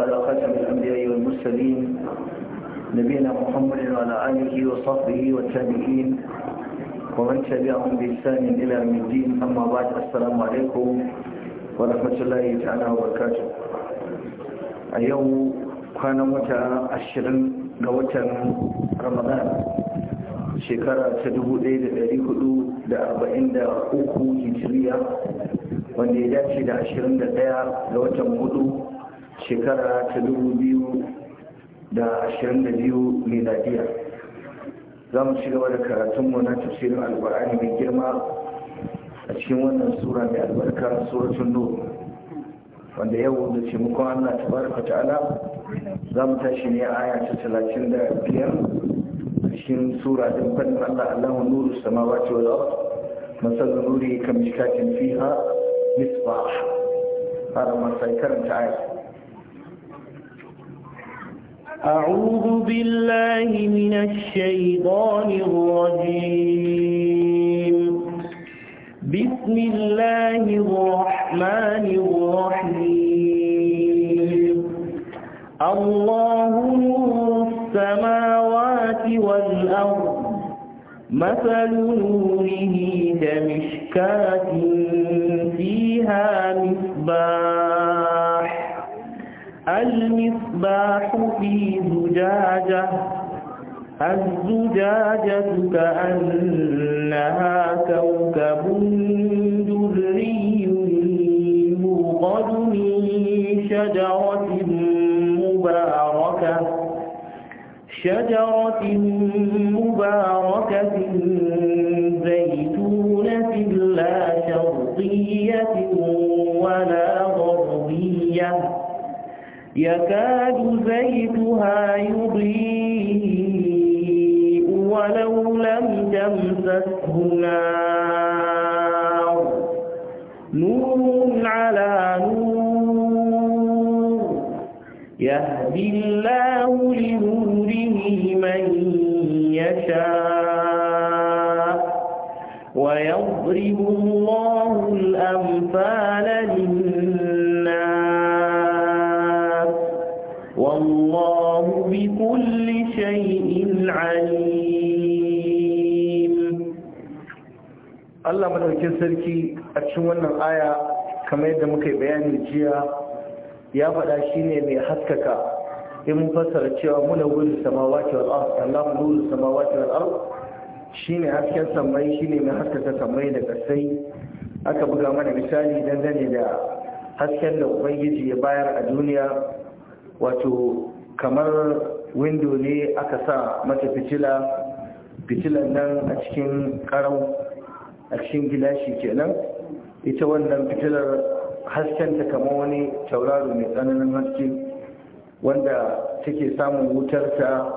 على خاتم الأنبياء والمرسلين نبينا محمد وعلى آله وصحبه والتابعين ومن تبعهم بإحسان إلى يوم الدين أما بعد السلام عليكم ورحمة الله تعالى وبركاته اليوم كان متى عشرين قوتا رمضان shekara ta dubu ɗaya da ɗari hudu da arba'in da uku hijiriya wanda ya dace da ashirin da ɗaya ga watan hudu shekara ta dubu biyu da ashirin da biyu miladiya za mu shiga da karatunmu na tafsirin alkur'ani mai girma a cikin wannan sura mai albarkar suratun nur wanda yau da taimakon allah ta ta'ala za mu tashi ne aya ta talatin da biyar cikin sura din fadin allah allahu nuru samawati wal ard masal nuri kamishkatin fiha misbah har masai karanta aya أعوذ بالله من الشيطان الرجيم بسم الله الرحمن الرحيم الله نور السماوات والأرض مثل نوره كمشكاة فيها مصباح المصباح في زجاجة الزجاجة كأنها كوكب دري يوقد من شجرة مباركة شجرة مباركة زيتونة لا شرقية يكاد زيتها يضيء ولو لم تمسسه نار نور على نور يهدي الله لنوره من يشاء ويضرب الله الأمثال maɗaukakin sarki a cikin wannan aya kamar yadda muka yi bayani jiya ya faɗa shi ne mai haskaka in mun fassara cewa muna wuri samawati wal ard Allah mu wuri samawati al'adu shi shine hasken sammai shine mai haskaka sammai da kasai aka buga mana misali dangane da hasken da ubangiji ya bayar a duniya wato kamar windo ne aka sa mata fitila fitilan nan a cikin karau a cikin gilashi kenan ita wannan fitilar haskenta kamar wani tauraro mai tsananin haske wanda take samun wutarta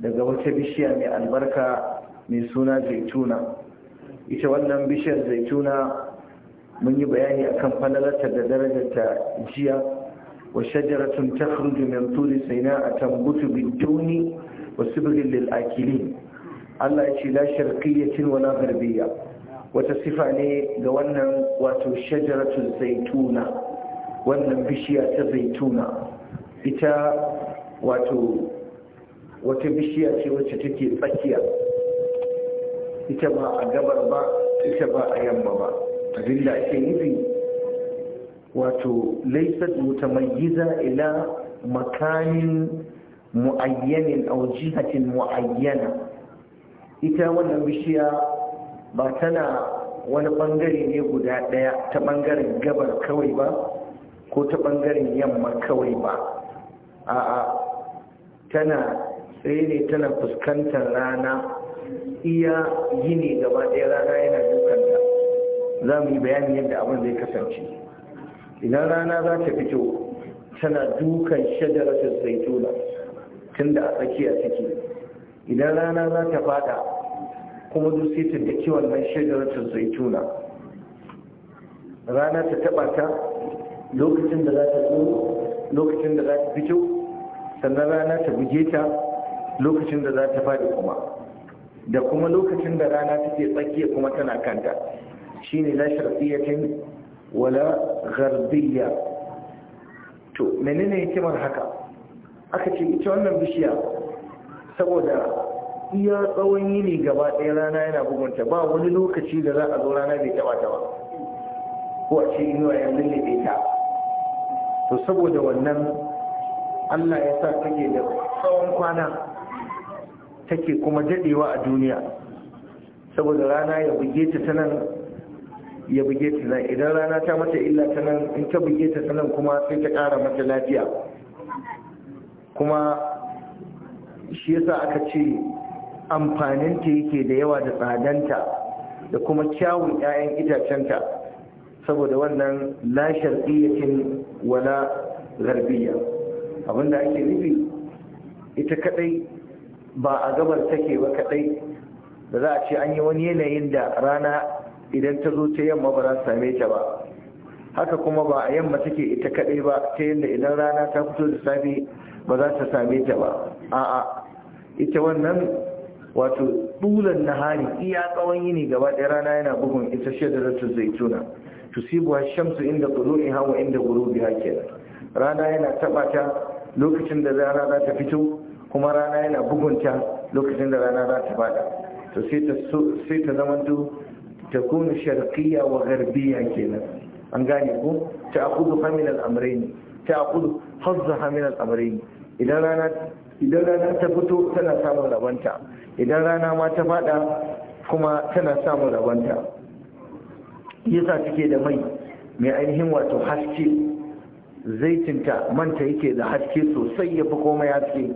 daga wata bishiya mai albarka mai suna zaituna ita wannan bishiyar zaituna mun yi bayani akan falalarta da darajarta jiya wa shajaratun takhruju min turi a Tambutu biduni wa sibrin lil akilin Allah ya ce la sharqiyyatin wala gharbiyya wata sifa ne ga wannan wato shajaratul zaituna wannan bishiya ta zaituna ita wato wata bishiya ce wacce take tsakiya ita ba a gabar ba ita ba a yamma ba abin da ake nufi wato laisat mutamayyiza ila makanin mu'ayyanin aw mu'ayyana ita wannan bishiya ba tana wani bangare ne guda daya ta bangaren gabar kawai ba ko ta bangaren yamma kawai ba a'a tana tsaye ne tana fuskantar rana iya gini gaba daya rana yana dukanta za mu yi bayanin yadda abin zai kasance idan rana za ta fito tana dukan shadarar zaituna tun da a tsakiya ciki, idan rana za ta fada kuma duk sai ta daki wannan sai tuna rana ta taba ta lokacin da za ta tsoro lokacin da za ta fito sannan rana ta buge ta lokacin da za ta faɗi kuma da kuma lokacin da rana take tsakiya kuma tana kanta shine la sharqiyyatin wala gharbiyya to menene hikimar haka aka ce ita wannan bishiya saboda iya tsawon yini gaba ɗaya rana yana bugunta ba wani lokaci da za a zo rana bai taɓa ta ba ko a ce inuwa ya lullube ta to saboda wannan allah ya sa take da tsawon kwana take kuma daɗewa a duniya saboda rana ya buge ta ta nan ya buge ta nan idan rana ta mata illa ta nan in ta buge ta ta nan kuma sai ta ƙara mata lafiya kuma shi yasa aka ce amfaninta yake da yawa da tsadanta da kuma kyawun 'ya'yan itacenta saboda wannan lashar iyakin wala garbiya abinda ake nufi ita kadai ba a gabar take ba kadai da za a ce an yi wani yanayin da rana idan ta zo ta yamma ba za ta same ta ba haka kuma ba a yamma take ita kadai ba ta yadda idan rana ta fito da safe ba za ta same ta ba a'a ita wannan wato dulan nahari iya tsawon yini gaba ɗaya rana yana bugun ita to zaituna buwa shamsu inda in hawa inda bi hake rana yana taba ta lokacin da rana za ta fito kuma rana yana bugunta lokacin da rana za ta bada, to sai ta sai ta ta kuma sharqiyya wa gharbiyya kenan an gane ko ta akudu hamil al-amrayn ta akudu hazza hamil al-amrayn idan rana idan rana ta fito tana samun rabanta idan rana ma ta fada kuma tana samun rabanta yasa take da mai mai ainihin wato haske zaitinta manta yake da haske sosai ya fi komai haske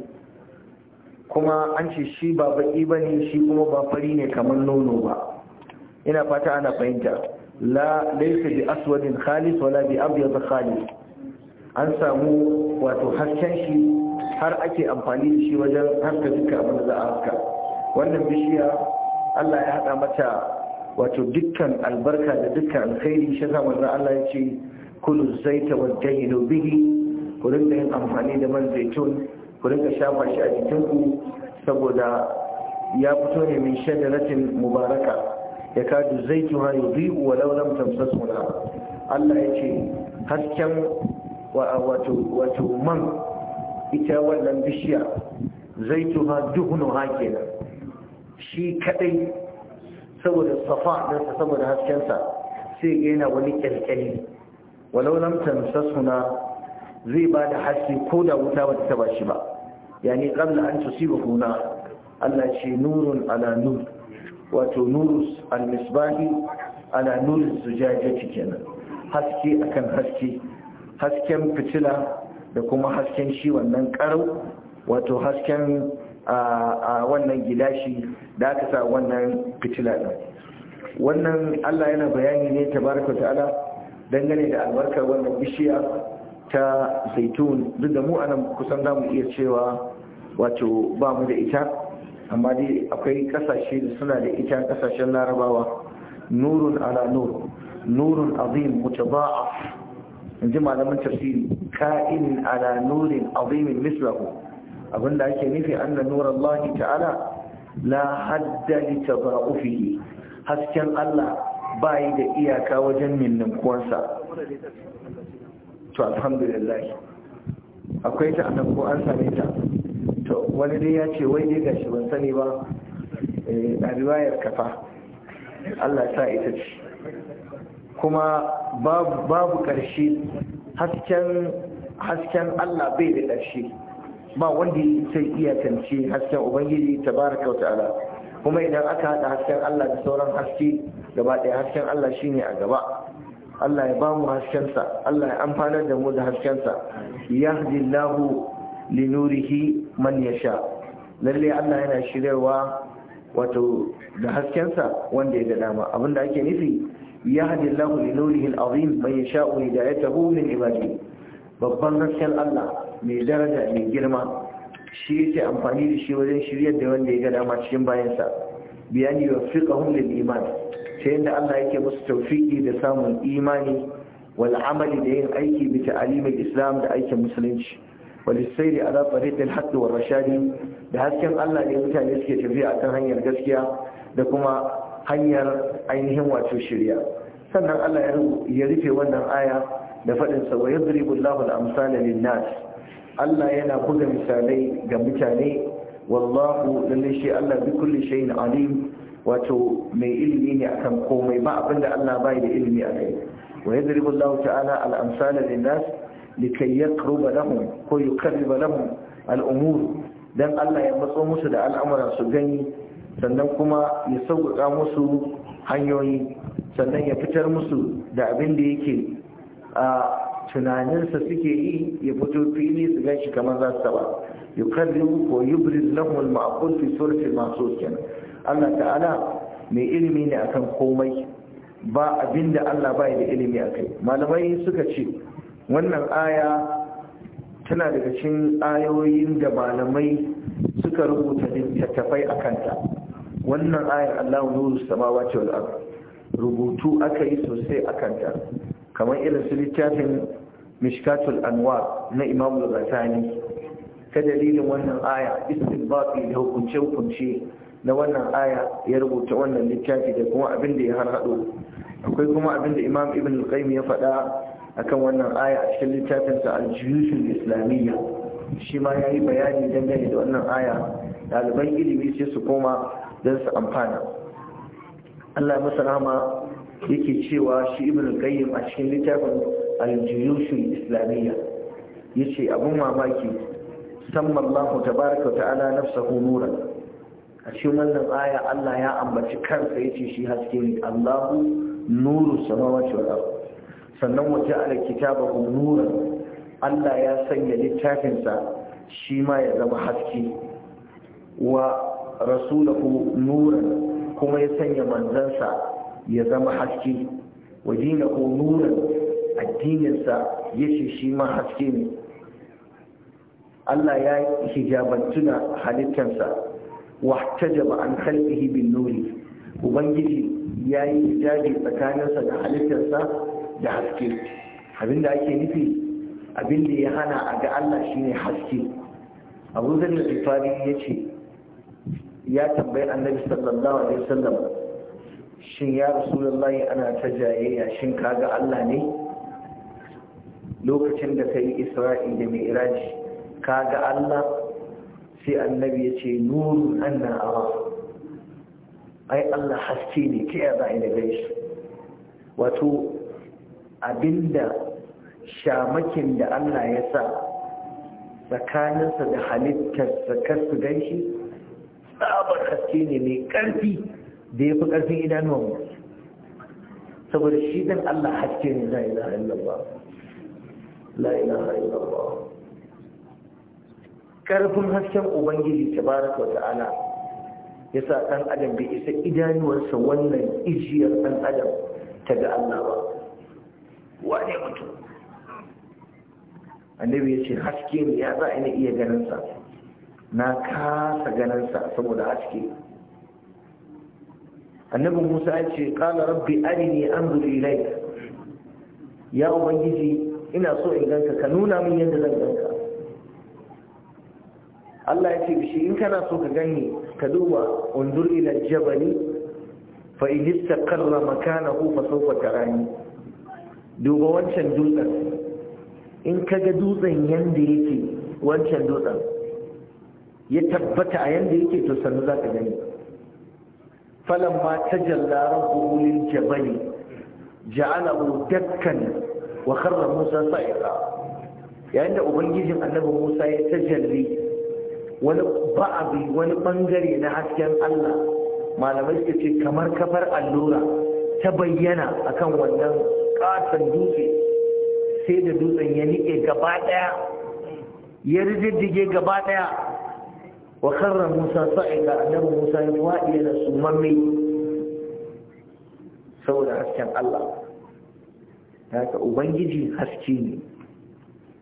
kuma an ce shi ba baƙi ba ne shi kuma ba fari ne kamar nono ba ina fata ana fahimta la laisa bi aswadin khalis wala bi abyad khalis an samu wato hasken shi har ake amfani da shi wajen haska duka abin da za a haska wannan bishiya Allah ya haɗa mata wato dukkan albarka da dukkan alkhairi shi sa manzon Allah ya ce kulu zaita wa jahilu bihi ku rinka yin amfani da man zaitun ku rinka shafa shi a jikinku saboda ya fito ne min shajaratin mubaraka ya kadu zaituha yudhi'u wa law lam Allah ya ce hasken wato man ita wannan bishiya zai tuha duhunu ha kenan shi kadai saboda safa ɗansa saboda haskensa sai ga yana wani kyalkyali walau lam tamsasuna zai ba da haske ko da wuta ba ta taba shi ba yani qabla an tusiba huna. Allah ce nurun ala nur wato nurus al-misbahi ala nurus zujajati kenan haske akan haske hasken fitila da kuma hasken shi wannan karau wato hasken a wannan gilashi da aka sa wannan fitila ɗin wannan allah yana bayani ne tabaraka ta'ala dangane da albarkar wannan bishiya ta zaitun duk da mu anan kusan za mu iya cewa wato ba mu da ita amma dai akwai kasashe da suna da ita kasashen larabawa nurun ala nur nurun azim mutaba'af in ji malamin tafsiri ka'in ala nurin azimin mislahu Abin da ake nufi nura allah ta'ala la hadda li tadaufihi hasken Allah bai da iyaka wajen ninninkuwarsa to alhamdulillah akwai ta annan ko an same ta to wani dai ya ce wai dai gashi ban sani ba eh, a riwayar kafa Allah sa ita ce kuma babu ƙarshe hasken hasken Allah bai da ƙarshe ba wanda zai iya iyakance hasken ubangiji tabaraka wa ta'ala kuma idan aka haɗa hasken Allah da sauran haske gaba ɗaya hasken Allah shine a gaba Allah ya bamu haskensa Allah ya amfanar da mu da haskensa yahdillahu linurihi man yasha lalle Allah yana shiryarwa wato da haskensa wanda ya ga dama abinda ake nufi yahdillahu linurihi al-azim man yasha hidayatahu min ibadihi babban hasken Allah mai daraja mai girma shi yake amfani da shi wajen shiryar da wanda ya ga dama cikin bayansa biyani wa fiqahum lil iman ta yadda Allah yake musu tawfiki da samun imani wal amali da yin aiki bi ta'alimil islam da aikin musulunci wal sayri ala tariqil haqq rashadi da hasken Allah ne mutane suke tafiya akan hanyar gaskiya da kuma hanyar ainihin wato shirya sannan Allah ya rufe wannan aya da faɗinsa wa yadribu Allahu al-amsala lin-nas Allah yana buga misalai ga mutane wallahu lalle shi Allah bi kulli shay'in alim wato mai ilimi ne akan komai ba da Allah bai da ilimi akai wa yadribu Allah ta'ala al-amsal lin-nas likay yaqruba lahum ko yuqarriba lahum al-umur dan Allah ya matso musu da al'amuran su gani sannan kuma ya sauƙaƙa musu hanyoyi sannan ya fitar musu da abin da yake a tunaninsa suke yi ya fito fili su gan shi kamar za su taba kalli ko yi birin al ma'akul fi surati masu Allah ta'ala mai ilimi ne akan komai ba abinda Allah bai da ilimi akai malamai suka ce wannan aya tana daga cikin ayoyin da malamai suka rubuta littattafai a kanta. wannan ayar Allahu nuru sama wace rubutu aka yi sosai a kanta. kamar irin su littafin mishkatul anwar na imamu al-ghazali ta dalilin wannan aya istinbati da hukunce hukunce na wannan aya ya rubuta wannan littafi da kuma abin da ya harhaɗo akwai kuma abin da imam ibn al-qayyim ya faɗa akan wannan aya a cikin littafinsa al-juyushul islamiyya shi ma ya yi bayani dangane da wannan aya ɗaliban ilimi sai su koma don su amfana Allah masa rahama yake cewa shi ibn al-qayyim a cikin littafin aljiyushin islamiyya ya ce abin mamaki sammallahu tabaraka ta'ala nafsahu nura a cikin wannan aya Allah ya ambaci kansa ya ce shi haske ne Allahu nuru samawati wal ardh sannan waje ala kitabahu nura Allah ya sanya littafinsa shima ma ya zama haske wa rasulahu nura kuma ya sanya manzansa ya zama haske wa dinahu nura addininsa ya ce shi ma haske ne Allah ya hijabantuna halittarsa wa ta an khalqihi bin nuri ubangiji ya yi hijabi tsakaninsa da halittarsa da haske abinda ake nufi abinda ya hana a ga Allah shine haske abu zan ya ce ya tambayi annabi sallallahu alaihi wasallam shin ya rasulullahi ana ta jayayya shin kaga Allah ne lokacin da yi Isra'il da ka ga Allah sai annabi ya ce nurun anna ara ai Allah haske ne ta yaba ina gaishe wato abinda shamakin da Allah ya sa tsakaninsa da halittarsa kar su ganshi tsabar haske ne mai ƙarfi da ya fi ƙarfin idanuwan saboda shi dan Allah haske ne za a yi ba la ilaha illallah karfin hasken ubangiji tabaraka wa ta'ala yasa dan adam bai isa idanuwarsa wannan ijiyar dan adam ta ga Allah ba ne mutum annabi ya ce haske ne ya za ina iya ganinsa na kasa ganinsa saboda haske annabi musa ya ce kala rabbi arini anzur ilayka ya ubangiji ina so in ganka ka nuna min yadda zan ganka Allah ya ce bishi in kana so ka gani ka duba undur ila jabali fa in istaqarra makanahu fa sawfa tarani duba wancan dutsen in ka ga dutsen yanda yake wancan dutsen ya tabbata a yanda yake to sannu za ka gani falamma tajalla rabbuhu lil jabali ja'alahu dakkan wa karra musa sa'iqa yayin da ubangijin annabi musa ya tajalli wani ba'abi wani bangare na hasken allah malamai suka ce kamar kafar allura ta bayyana akan wannan katon dutse sai da dutsen ya niƙe gaba ɗaya ya rididdige gaba ɗaya wa karra musa sa'iqa annabi musa ya waɗi yana sumamme saboda hasken allah haka ubangiji haske ne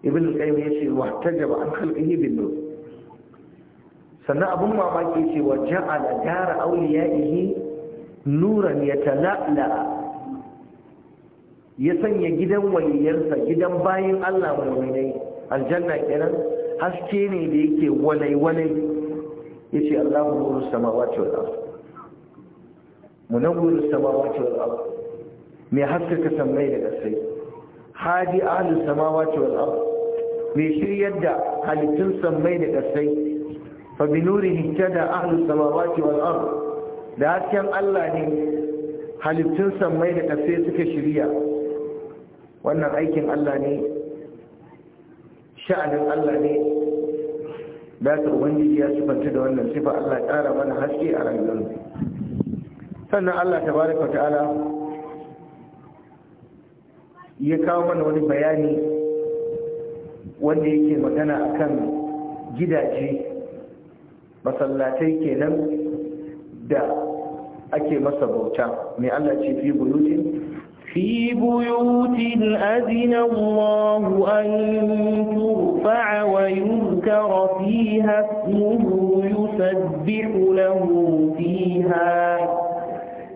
ibn al-qayyim ce wa tajaba an khalqihi bin nur sannan abun mamaki ce wa ja'ala dara awliyaihi nuran yatala'la ya sanya gidan waliyarsa gidan bayin Allah mu'minai aljanna kenan haske ne da yake walai walai yace Allahu nuru samawati wal ard munawwiru samawati wal ard mai haskaka sammai da ƙasai hadi ahlus samawati wal ard mai shiryar da halittun sammai da ƙasai fa bi nurihi tada ahlus samawati wal ard da hasken Allah ne halittun sammai da ƙasai suka shirya wannan aikin Allah ne sha'anin Allah ne da ta ubangiji ya sifanta da wannan sifa Allah ƙara mana haske a ranar sannan Allah Ta tabaraka ta'ala ya kawo mana wani bayani wanda yake magana akan gidaje masallatai kenan da ake masa bauta mai Allah ce fi buyutin fi buyutin azina Allah an turfa'a wa yuzkara fiha ismuhu yusabbihu lahu fiha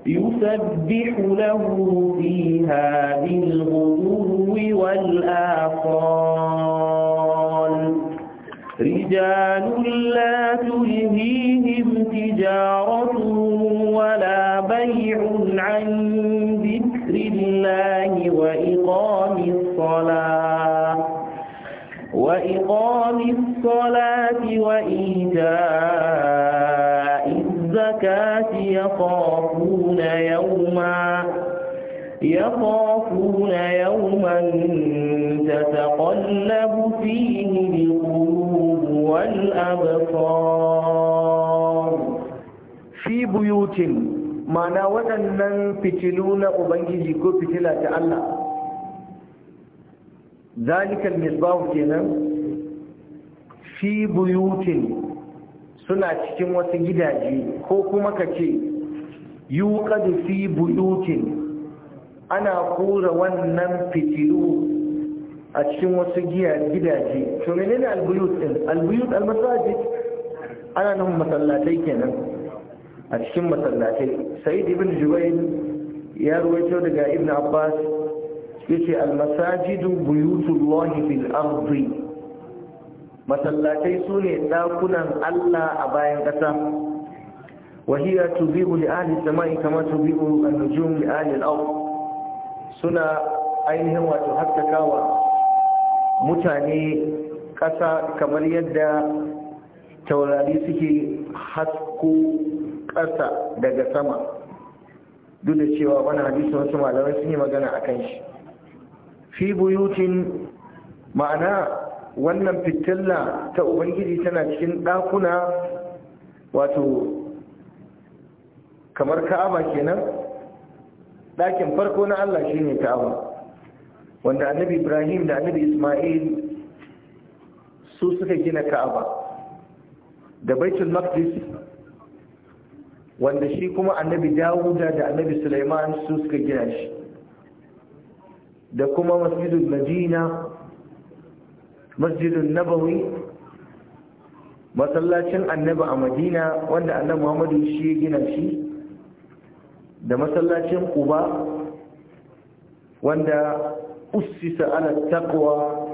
يسبح له فيها بالغدو والآصال رجال لا تلهيهم تجارة ولا بيع عن ذكر الله وإقام الصلاة وإقام الصلاة وإيتاء الأبصار في بيوت نا ودنن فتلون أبنجي كو فتلا تعالى ذلك المصباح كنا في بيوت suna cikin wasu gidaje ko kuma ka ce yuqadu fi buyutin ana kura wannan fitilu a cikin wasu gidaje to menene albuyut din albuyut almasajid ana nan masallatai kenan a cikin masallatai sa'id ibn jubair ya ruwaito daga ibn abbas yace al-masajidu buyutullahi fil ardi masallatai sune dakunan Allah a bayan kasa وهي تبيء لأهل السماء كما تبيء النجوم لأهل الأرض suna ainihin wato haskakawa mutane ƙasa kamar yadda taurari suke hasko ƙasa daga sama duk da cewa wani hadisi wasu malamai sun yi magana a kan shi fi buyutin ma'ana wannan fitilla ta ubangiji tana cikin ɗakuna wato kamar ka'aba kenan ɗakin farko na Allah shi ne ka'aba wanda annabi ibrahim da annabi ismail su suka gina ka'aba da baitul maqdis wanda shi kuma annabi dawuda da annabi sulaiman su suka gina shi da kuma masjidul madina masjidul nabawi masallacin annabi a madina wanda annabi muhammadu shi ya gina shi da masallacin kuba wanda Usi ala taqwa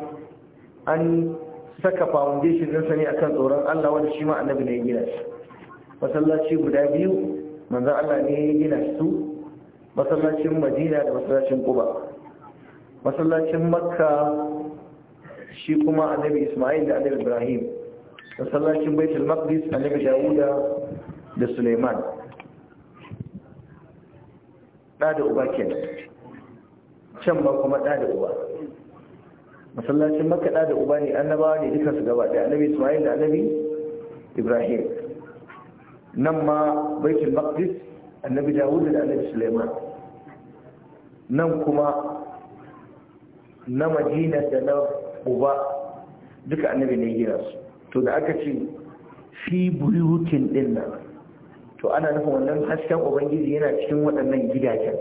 an saka foundation ɗinsa sani akan tsoron Allah wanda shi ma annabi ne ya gina shi masallaci guda biyu manzon Allah ne ya gina su masallacin Madina da masallacin Quba masallacin Makka shi kuma annabi Isma'il da annabi Ibrahim masallacin Baitul Maqdis annabi Dawuda da Suleiman da da uba kenan can ba kuma da da uba masallacin makaɗa da uba ne annabawa ne su gaba ɗaya annabi ismail da annabi ibrahim nan ma baitul maqdis annabi dawud da annabi suleiman nan kuma na madina da na uba duka annabi ne gina su to da aka ce fi buyutin din nan to ana nufin wannan hasken ubangiji yana cikin waɗannan gidajen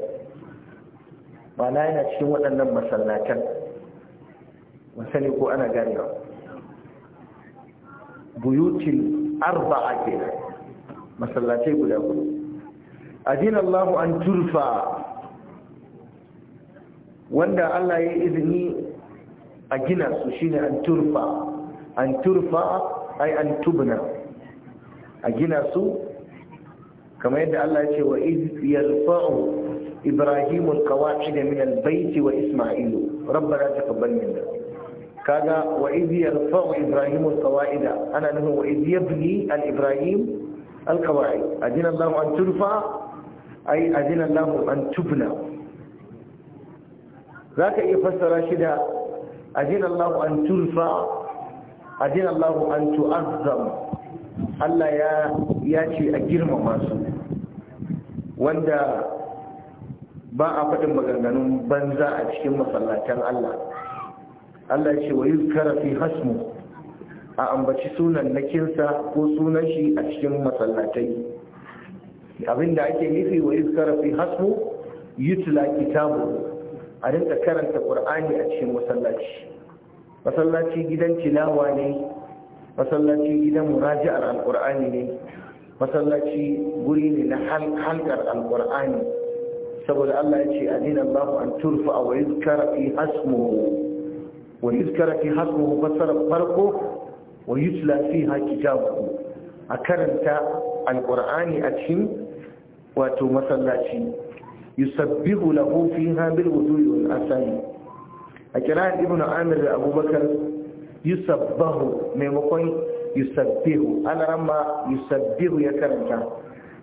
ma'ana yana cikin waɗannan masallatan mun sani ko ana ba. buyutin arba'a ke masallatai guda guda adina Allahu an turfa wanda Allah ya izini a gina su shine an turfa an turfa ai an tubna a gina su kamar yadda Allah ya ce wa iz yarfa'u ibrahimul qawa'id min al-bayt wa isma'ilu rabbana taqabbal minna kaga wa idh yarfa'u Ibrahimu alqawaida ana nuna wa idh yabni al-ibrahim alqawaid adina Allah an turfa ay adina Allah an tubna Za ka iya fassara shi da adina Allah an turfa adina Allah an tu'azzam Allah ya ce a girmama su wanda ba a faɗin maganganun banza a cikin masallatan Allah Allah ya ce wa yuzkara fi hasmu a ambaci sunan nakinsa ko sunan shi a cikin masallatai abinda ake nufi wa yuzkara fi hasmu yutla kitabu a rinka karanta qur'ani a cikin masallaci masallaci gidan tilawa ne masallaci gidan muraji'ar alqur'ani ne masallaci guri ne na halkar alqur'ani saboda Allah ya ce adina Allahu an turfa wa yuzkara fi hasmuhu wa yuzkara fi hasbuhu fasara farko wa yutla fiha kitabuhu a karanta alqur'ani a cikin wato masallaci yusabbihu lahu fiha Hamil wudu'i wal asali a kiran ibnu amir da abubakar yusabbahu maimakon yusabbihu alaramma yusabbihu ya karanta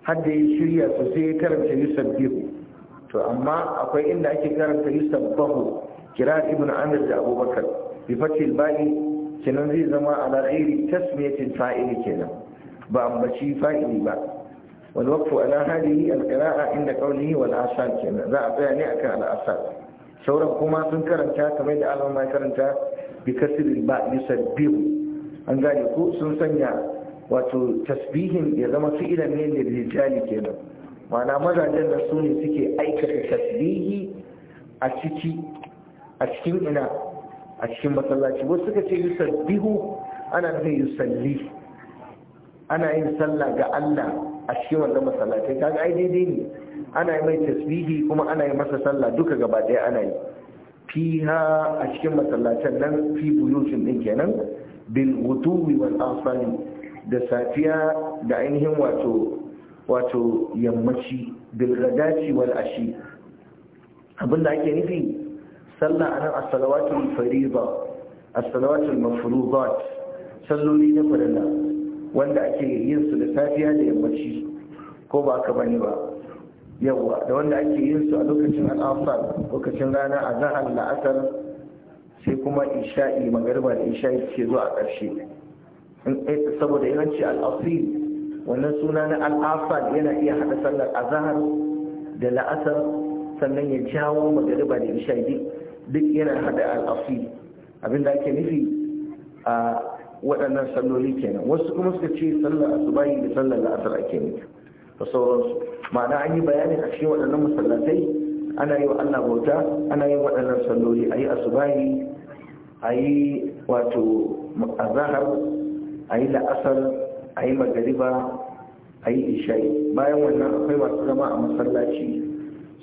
hadda ya shirya su sai ya karanta yusabbihu to amma akwai inda ake karanta yusabbahu kira ibn amir da abubakar bi ba'i kenan zai zama ala ghairi tasmiyatin fa'ili kenan ba ambaci fa'ili ba wal waqfu ala hadihi al qira'a inda qawlihi wal asal kenan za a tsaya ne akan al asal sauran kuma sun karanta kamar da Allah ya karanta bi ba yusabbihu an gane ko sun sanya wato tasbihin ya zama fi'ilan ne da rijali kenan ma'ana mazajen da su ne suke aikata tasbihi a ciki a cikin ina a cikin masallaci wasu suka ce yusabbihu ana yi salli ana yin sallah ga Allah a cikin wannan masallaci kaga ga daidai ne ana yi mai tasbihi kuma ana yi masa sallah duka gaba daya ana yi fiha a cikin masallacin nan fi buyutin din kenan bil wuduwi wal asali da safiya da ainihin wato wato yammaci bil ghadati wal ashi abinda ake nufi sallah anan as-salawatul fariida as-salawatul mafruudat salloli na farilla wanda ake yin su da safiya da yammaci ko ba ka bani ba yawa da wanda ake yin su a lokacin al'afar, lokacin rana a zahar la'asar sai kuma isha'i magariba da isha'i ke zuwa a ƙarshe eh, saboda yawanci al'asir wannan suna na al'asar yana iya haɗa sallar azahar da la'asar sannan ya jawo magariba da isha'i duk yana hada al'afi abinda ake nufi a waɗannan sannoli kenan wasu kuma suka ce sallar asubahi da sallar la'asar ake nufi da sauransu ma'ana an yi bayani a cikin waɗannan masallatai ana yi wa allah bauta ana yi waɗannan sannoli a yi asubahi a yi wato azahar a yi la'asar a yi magariba a yi isha'i bayan wannan akwai masu zama a masallaci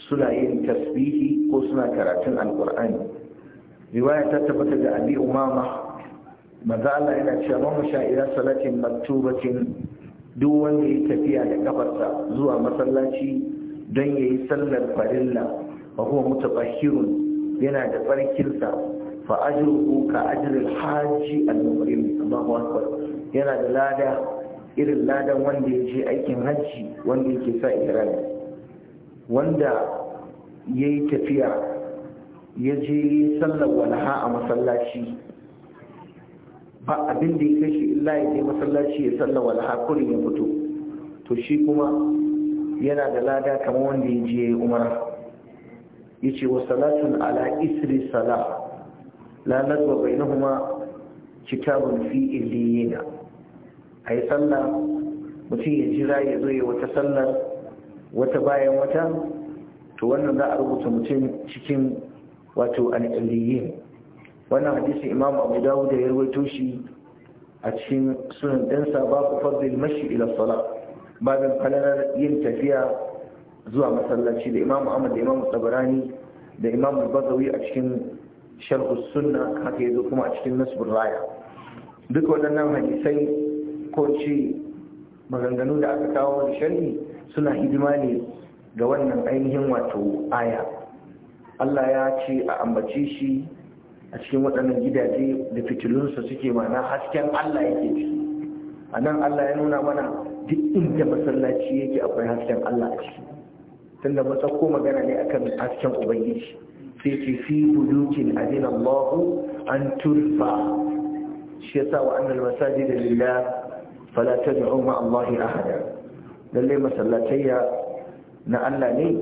suna yin tasbihi ko suna karatun alkur'ani riwaya ta tabbata da abi umama maza Allah yana cewa man sha ila salatin maktubatin duk wanda ya tafiya da kafarsa zuwa masallaci don yayi sallar farilla fa huwa mutabahhirun yana da tsarkinsa fa ajruhu ka ajril haji al-muqim Allahu akbar yana da lada irin ladan wanda ya je aikin hajji wanda yake sa ihrami wanda ya yi tafiya ya je sallar walaha a masallaci ba abin da ya kai shi illa ya je masallaci ya sallar walaha kurin ya fito to shi kuma yana da lada kamar wanda ya je umara ya ce wa salatun ala isri sala lalar wa bainahuma kitabun fi illiyina a yi sallar, mutum ya jira ya zo ya wata sallar wata bayan wata to wannan za a rubuta mutum cikin wato al'aliyin wannan hadisi imam abu dawud da ya rawaito shi a cikin sunan ɗansa babu fadlil mashi ila sala babin falalar yin tafiya zuwa masallaci da imam ahmad da imam tabarani da imam bazawi a cikin sharh sunna haka yazo kuma a cikin nasbur raya duk waɗannan hadisai ko ce maganganu da aka kawo da sharhi suna hidima ne ga wannan ainihin wato aya Allah ya ce a ambace shi a cikin waɗannan gidaje da fitilunsa suke mana hasken Allah yake ciki a nan Allah ya nuna mana duk inda masallaci yake akwai hasken Allah a ciki tunda matsakko magana ne akan hasken ubangiji sai ce fi bulukin adina Allahu an turfa shi sa wa annal da lillah fala tad'u ma Allah ahada lallai masallatayya na Allah ne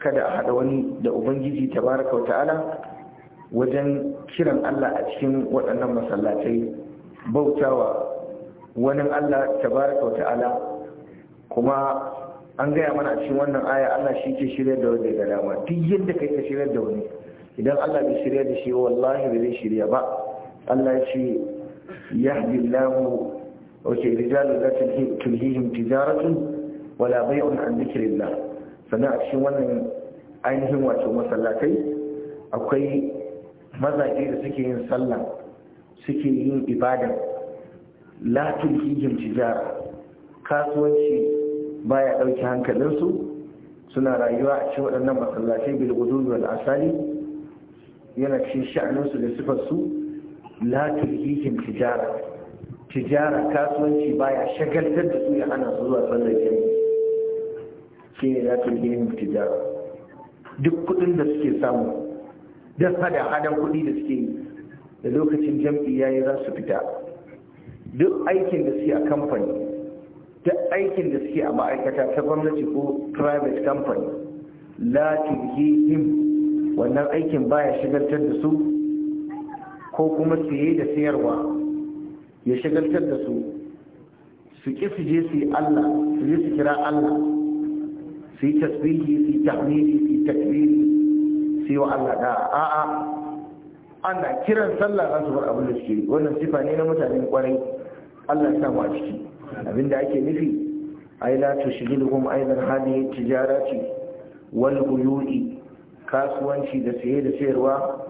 kada a haɗa wani da ubangiji tabaraka wa ta'ala wajen kiran Allah a cikin waɗannan masallatai bautawa wani Allah tabaraka wa ta'ala kuma an gaya mana a cikin wannan aya Allah shi ke shirya da wanda ga dama duk yadda kai ka shirya da wani idan Allah bai shirya da shi wallahi ba zai shirya ba Allah ya ce yahdi Allahu wa ke rijalu la tulhihim tijaratun wala on an dhikrillah sannan a cikin wannan ainihin wato masallatai akwai mazaje da suke yin sallah suke yin ibada la tulhihim tijara kasuwanci baya dauke hankalinsu suna rayuwa a cikin waɗannan masallatai bil wal asali yana cikin sha'aninsu da sifarsu la tulhihim tijara tijara kasuwanci baya shagaltar da su ya hana su zuwa sallar jami'i shi ne za ta yi tijara duk kudin da suke samu don hada hadan kudi da suke da lokacin jam'i ya yi za su fita duk aikin da suke a kamfani duk aikin da suke a ma'aikata ta gwamnati ko private company la tulhihim wannan aikin baya shigantar da su ko kuma siye da sayarwa ya shigantar da su su ƙi su je su yi Allah su je su kira Allah su yi tasbihi su yi tahmidi takbiri yi wa Allah da a'a ana kiran sallah za su bar abin da suke wannan sifa ne na mutanen kwarai Allah ya mu a ciki abinda ake nufi ai la tushghiluhum aidan hadi tijarati wal buyu'i kasuwanci da saye da sayarwa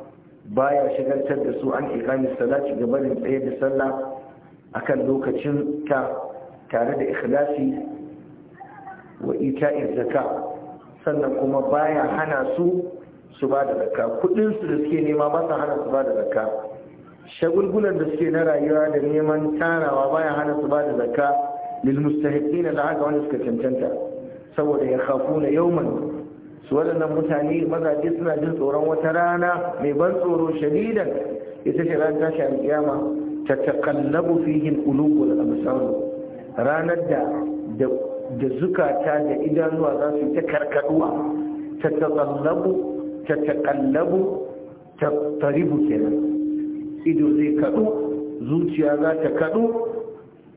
baya shigartar da su an iqamis salati gabanin tsaye da sallah akan lokacin ta tare da ikhlasi wa ita'in zaka sannan kuma baya hana su su ba da zakka kudin su da suke nema ba hana su ba da shagulgulan da suke na rayuwa da neman tarawa baya hana su ba da zakka lil mustahiqin da haka wanda suka cancanta saboda ya khafuna yawman su waɗannan mutane mazaje suna jin tsoron wata rana mai ban tsoro shadidan ita ce ran tashi alkiyama ta taqallabu fihi al-qulub wal absar ranar da da da zukata da idanuwa za su ta karkaduwa ta tsallabu ta taƙallabu ta taribu kenan ido zai kaɗu zuciya za ta kaɗu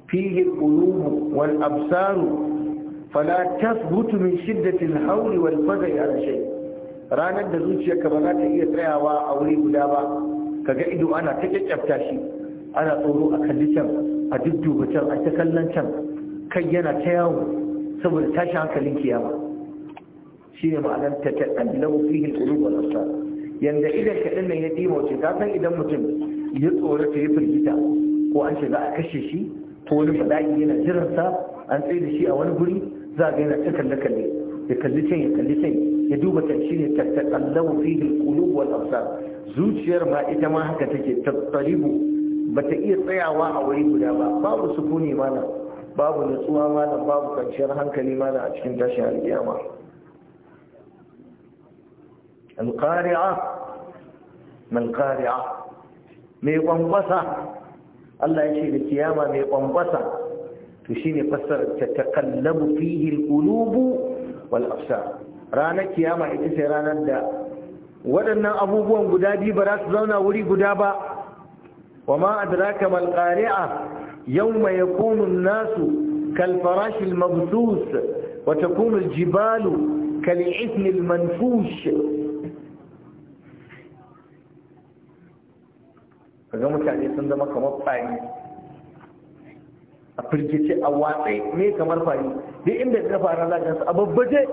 fiye ƙulubu wal absaru fala tasbutu min shiddatil hauli wal fadai ala shay ranar da zuciya ba za ta iya tsayawa a wuri guda ba kaga ido ana ta kyakkyafta shi ana tsoro a kalli a duk can a ta kallon can kai yana ta yawo saboda tashin hankalin kiyama shi ne ma'anar ta ta'allamu fihi al-qulub wal absar yanda idan ka dinnan ya dimo ce ka san idan mutum ya tsora ta yi firgita ko an ce za a kashe shi ko wani bala'i yana jiransa an tsaye da shi a wani guri za ga yana ta kalle kalle ya kalli can ya kalli can ya duba can shi ne ta ta'allamu fihi al-qulub wal absar zuciyar ma ita ma haka take ba ta iya tsayawa a wuri guda ba babu sukuni ma nan babu nutsuwa malam babu kwanciyar hankali da a cikin tashin alƙiyama alƙari'a malƙari'a mai ƙwanƙwasa Allah ya ce da kiyama mai ƙwanƙwasa to shi ne fassar ta takallabu fihil ƙulubu ranar kiyama ita ce ranar da waɗannan abubuwan guda biyu ba za su zauna wuri guda ba wa ma adraka mal يوم يكون الناس كالفراش المبثوث وتكون الجبال كالعثم المنفوش فقاموا تعليق عندما كمطعي أبرجت أواطي مي كمرفعي لإن ذلك نفعنا لا جنس أببجي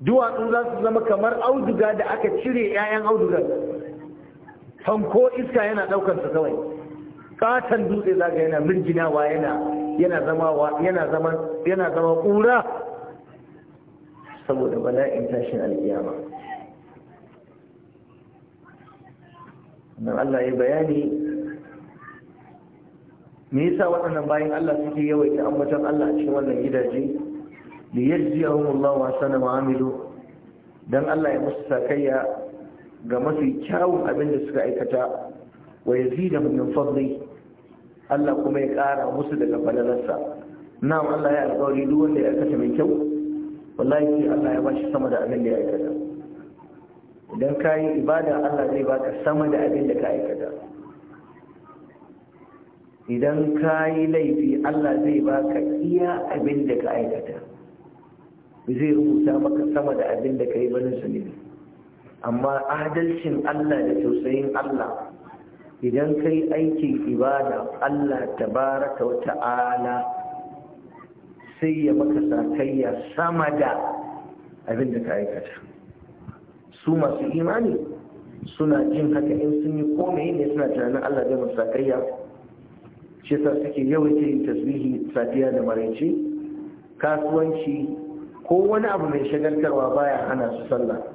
دواء الله صلى كمر أو دقاء دعاك تشري يعني أو دقاء هم كو إسكا هنا دوكا ستوين katon dutse za na yana mirginawa yana yana zama ƙura? Saboda yana kura saboda tashin alkiyama Allah ya bayani me yasa waɗannan bayan Allah suke yawaita ambaton Allah a cikin wannan gidaje da yajziyahum Allah wasa sana ma'amilu Don Allah ya musu sakayya ga mafi kyawun abin da suka aikata wa da min fadli Allah kuma ya ƙara musu daga falalarsa na'am Allah ya alƙawari duk wanda ya aikata mai kyau wallahi Allah ya bashi sama da abin da ya aikata idan ka yi ibada Allah zai baka sama da abin da ka aikata idan ka yi laifi Allah zai baka iya abin da ka aikata zai rubuta maka sama da abin da ka yi barin su ne amma adalcin Allah da tausayin Allah idan kai aikin ibada Allah tabaraka wa ta'ala sai ya maka sakayya sama da abin da ka aikata su masu imani suna jin haka in sun yi komai ne suna tunanin Allah zai masu sakayya shi sa suke yawaita yin tasbihi safiya da maraice kasuwanci ko wani abu mai shagaltarwa baya hana su sallah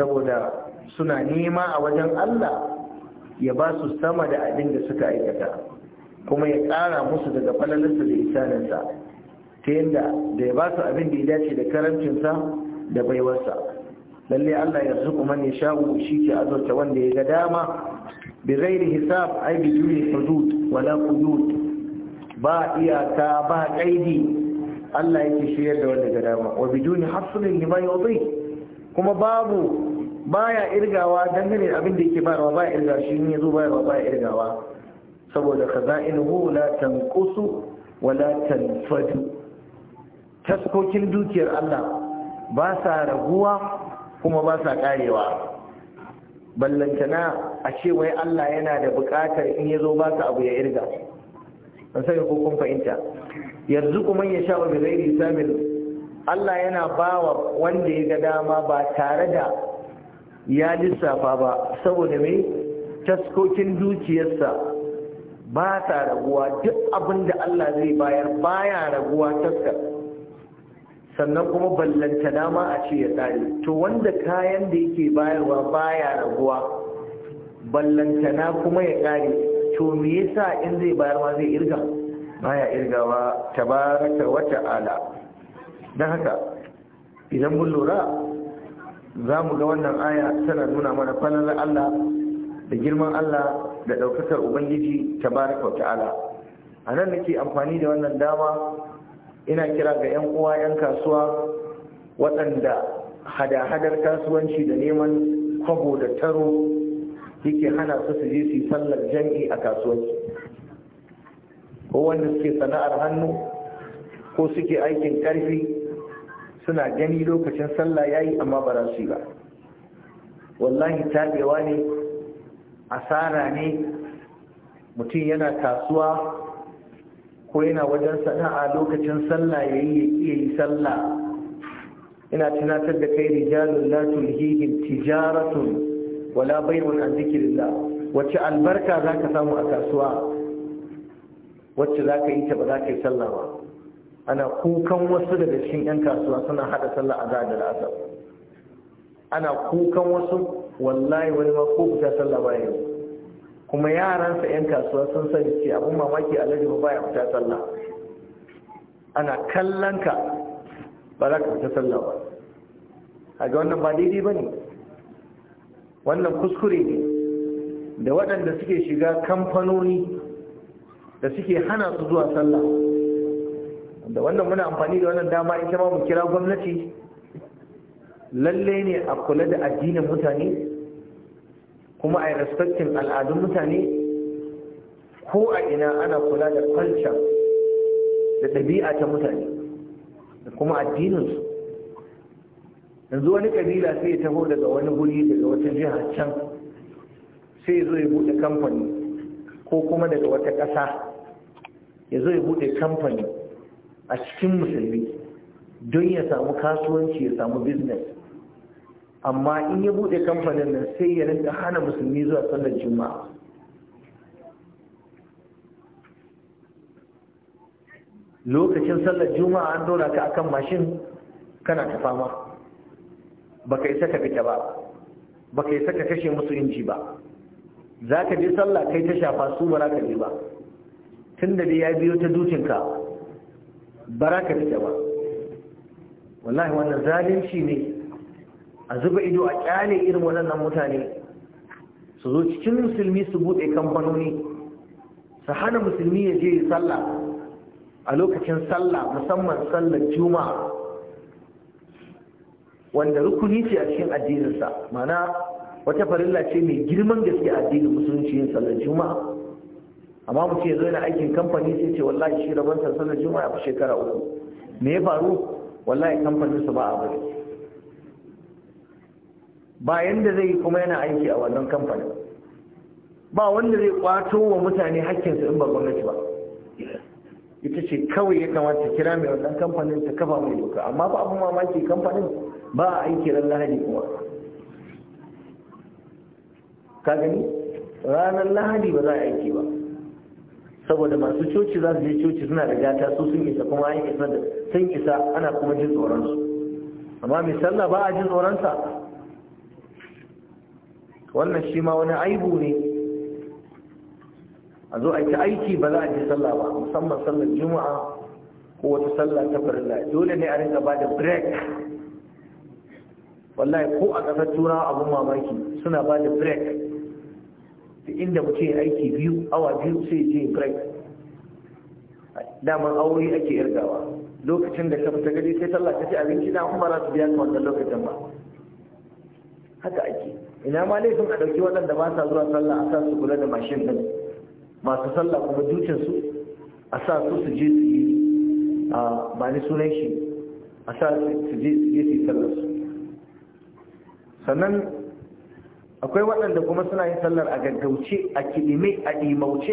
saboda suna nema a wajen Allah ya ba su sama da abin da suka aikata kuma ya ƙara musu daga falalarsa da isaninsa ta yadda da ya ba su abin da ya dace da karamcinsa da baiwarsa lalle Allah ya zuku man ya sha'u shi ke azurta wanda ya ga dama bi ghairi hisab ai bi duni hudud wala qudud ba iyaka ba kaidi Allah yake shiyar da wanda ga dama wa biduni haslin liman yudhi kuma babu baya irgawa dangane gane abin da yake bayarwa baya irga shi ne zo bayarwa baya irgawa saboda khaza'inuhu la tanqusu wa la tanfadu taskokin dukiyar Allah ba sa raguwa kuma ba sa karewa ballantana a ce wai Allah yana da bukatar in ya zo ba ka abu ya irga ban sai ko kun fahimta yanzu kuma ya sha wa bi ghairi Allah yana bawa wanda ya ga dama ba tare da ya lissafa ba saboda mai taskokin dukiyarsa ba ta raguwa duk abin da Allah zai bayar baya raguwa taskar sannan kuma ballanta dama a ce ya tsari to wanda kayan da yake bayarwa baya raguwa ballantana kuma ya tsari to me yasa in zai bayar ma zai irga baya irgawa tabaraka wata ala don haka idan mun lura za mu ga wannan aya tana nuna mana falalar Allah da girman Allah da ɗaukakar Ubangiji ta baraka ta'ala a nan nake amfani da wannan dama ina kira ga 'yan uwa 'yan kasuwa waɗanda hada-hadar kasuwanci da neman kwabo da taro yake hana su su su sallar jam'i a kasuwanci ko wanda suke sana'ar hannu ko suke aikin ƙarfi suna gani lokacin sallah yayi amma ba su yi ba wallahi tabewa ne asara ne mutum yana kasuwa ko yana wajen sana'a lokacin sallah yayi ya iya yi sallah ina tunatar da kai rijalun la tulhihim tijaratun wala bay'un an zikrillah wacce albarka zaka samu a kasuwa wacce zaka yi ta ba zaka yi sallah ba ana kukan wasu daga cikin 'yan kasuwa suna haɗa sallah a da asar ana kukan wasu wallahi wani ma ko fita sallah ba yi kuma yaransa 'yan kasuwa sun sani ce abun mamaki alhaji ba baya fita sallah ana kallon ka ba za ka fita sallah ba a ga wannan ba daidai ba ne wannan kuskure ne da waɗanda suke shiga kamfanoni da suke hana su zuwa sallah da wannan muna amfani da wannan dama ita ma mu kira gwamnati lalle ne a kula da addinin mutane kuma a yi respectin al'adun mutane ko a ina ana kula da culture da ɗabi'a ta mutane da kuma addininsu yanzu wani ƙabila sai ya taho daga wani guri daga wata jiha can sai zo ya buɗe kamfani ko kuma daga wata ƙasa ya zo ya buɗe kamfani a cikin musulmi don ya samu kasuwanci ya samu biznes amma in ya bude kamfanin nan sai ya rinka hana musulmi zuwa sallar juma'a lokacin sallar juma'a an dora ka akan mashin kana ta fama baka isa ka fita ba baka isa ka kashe musu inji ba za ka je sallah kai ta shafa su ba za ka je ba tun da dai ya biyo ta dukinka baraka da ba wallahi wannan zalunci ne a zuba ido a kyale irin wannan mutane su zo cikin musulmi su bude kamfanoni su hana musulmi ya je sallah a lokacin sallah musamman sallar juma'a wanda rukuni ce a cikin addininsa mana wata farilla ce mai girman gaske a addinin musulunci yin sallar juma'a amma mu ce zo yana aikin kamfani sai ce wallahi shi rabon sansanin juma'a a shekara uku me ya faru wallahi kamfanin su ba a bari ba yanda zai yi kuma yana aiki a wannan kamfanin ba wanda zai kwato wa mutane hakkinsu in ba gwamnati ba ita ce kawai ya kamata kira mai wannan kamfanin ta kafa mai doka amma ba abin mamaki kamfanin ba a aiki ran lahadi kuma ka gani ranar lahadi ba za a aiki ba saboda masu coci za su je coci suna da gata su sun isa kuma an isa da sun isa ana kuma jin tsoronsu amma mai sallah ba a jin tsoronsa wannan shi ma wani aibu ne a zo a yi aiki ba za a ji sallah ba musamman sallar juma'a ko wata sallah ta farilla dole ne a rinka ba da break wallahi ko a ƙasar turawa abun mamaki suna ba da break duk inda mutum ya aiki biyu awa biyu sai je break daman aure ake yardawa lokacin da ka fita gari sai sallah ta ce abinci na kuma za su biya su wannan lokacin ba haka ake ina ma laifin a ɗauki waɗanda ba sa zuwa sallah a sa su kula da mashin ɗin masu sallah kuma su a sa su su je su yi a ba ni sunan shi a sa su je su yi sallar su sannan akwai waɗanda kuma suna yin sallar a gaggauce a kiɗime a ɗimauce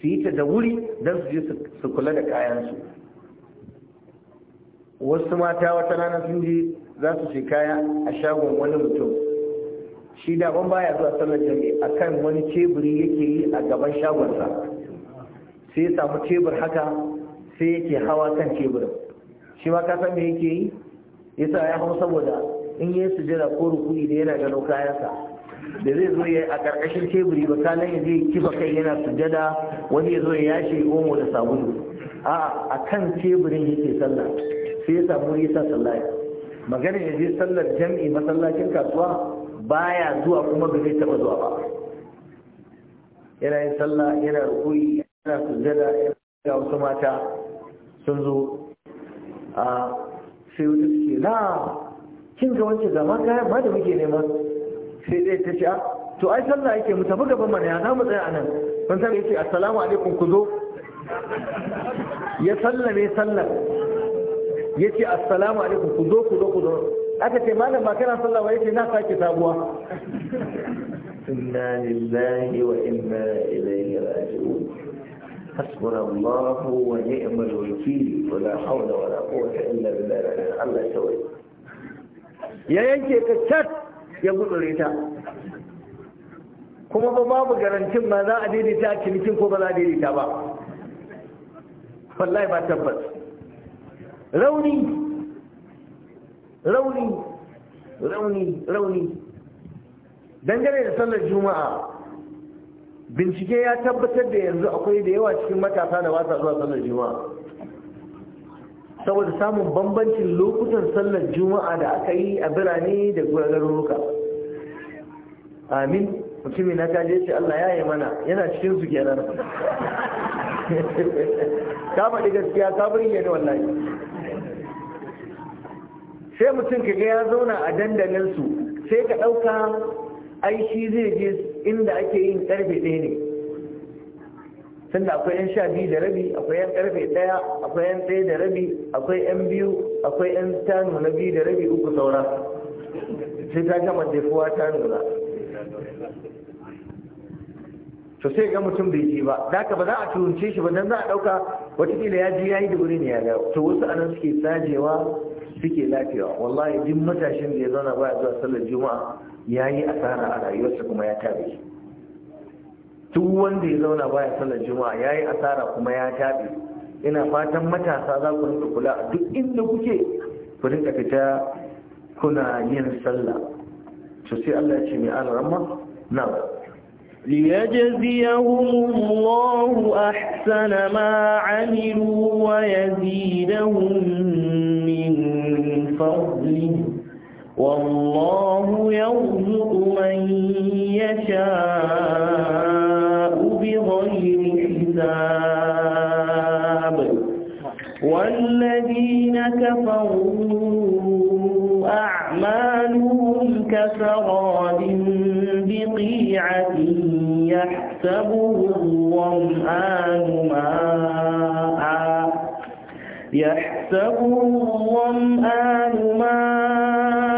su yi ta da wuri don su je su kula da kayansu wasu mata wata rana sun je za su ce kaya a shagon wani mutum shi daban baya zuwa sallar Jami a kan wani teburi yake yi a gaban shagonsa sai ya samu tebur haka sai yake hawa kan teburin shi ma kasan me yake yi ya sa ya hau saboda in yi sujada ko rukuni da yana gano kayansa da zai zo ya a ƙarƙashin teburi ba kanan ya zai kifa kai yana sujada wani ya zo ya yashe omo da sabulu a a kan teburin yake sallah sai ya samu ya sa sallah magana ya je sallar jam'i masallacin kasuwa baya zuwa kuma ba zai taba zuwa ba yana yin sallah yana rukuyi yana sujada yana wasu mata sun zo a sai wuta suke na kin ga wancan zama kayan ba da muke neman sai dai ta sha to ai sallah yake mu tafi gaban mana ya namu tsaya anan ban san yace assalamu alaikum ku zo ya sallame sallar yace assalamu alaikum ku zo ku zo ku zo aka ce malam ba kana sallah ba yace na sake sabuwa inna lillahi wa inna ilaihi raji'un wa ni'mal ونعم wa la hawla wa la quwwata illa billah Allah ya yanke ka chat ya gudure ta kuma ba babu garantin ba za a daidaita a cinikin ko ba za a daidaita ba wallahi ba tabbas rauni rauni rauni rauni dangane da sallar juma'a bincike ya tabbatar da yanzu akwai da yawa cikin matasa da ba zuwa sallar juma'a saboda samun bambancin lokutan sallar juma'a da aka yi a birane da garuruka amin mutum na kaje ce Allah ya yi mana yana cikin su kenan ka faɗi gaskiya ka burge ne wallahi sai mutum ka ga ya zauna a dandalin su sai ka ɗauka ai shi zai je inda ake yin karfe ɗaya ne tunda akwai yan sha biyu da rabi akwai yan karfe daya akwai yan ɗaya da rabi akwai yan biyu akwai yan tanu na biyu da rabi uku saura sai ta gama jefuwa ta nuna to sai ga mutum bai ji ba da ba za a turunce shi ba don za a ɗauka watakila ya ji ya yi da wuri ne ya dawo to wasu anan suke tsajewa suke lafiya wallahi duk matashin da ya zauna ba zuwa sallar juma'a ya yi asara a rayuwarsa kuma ya shi duk wanda ya zauna baya sallar juma'a yayi asara kuma ya tabe ina fatan matasa za ku rinka kula duk inda kuke ku rinka fita kuna yin sallah to sai Allah ya ce mai alramma na ليجزيهم الله أحسن ما عملوا ويزيدهم من فضله والله يرزق من يشاء بغير حساب والذين كفروا أعمالهم كسراب بقيعة يحسبه الظمآن ماء يحسبه الظمآن ماء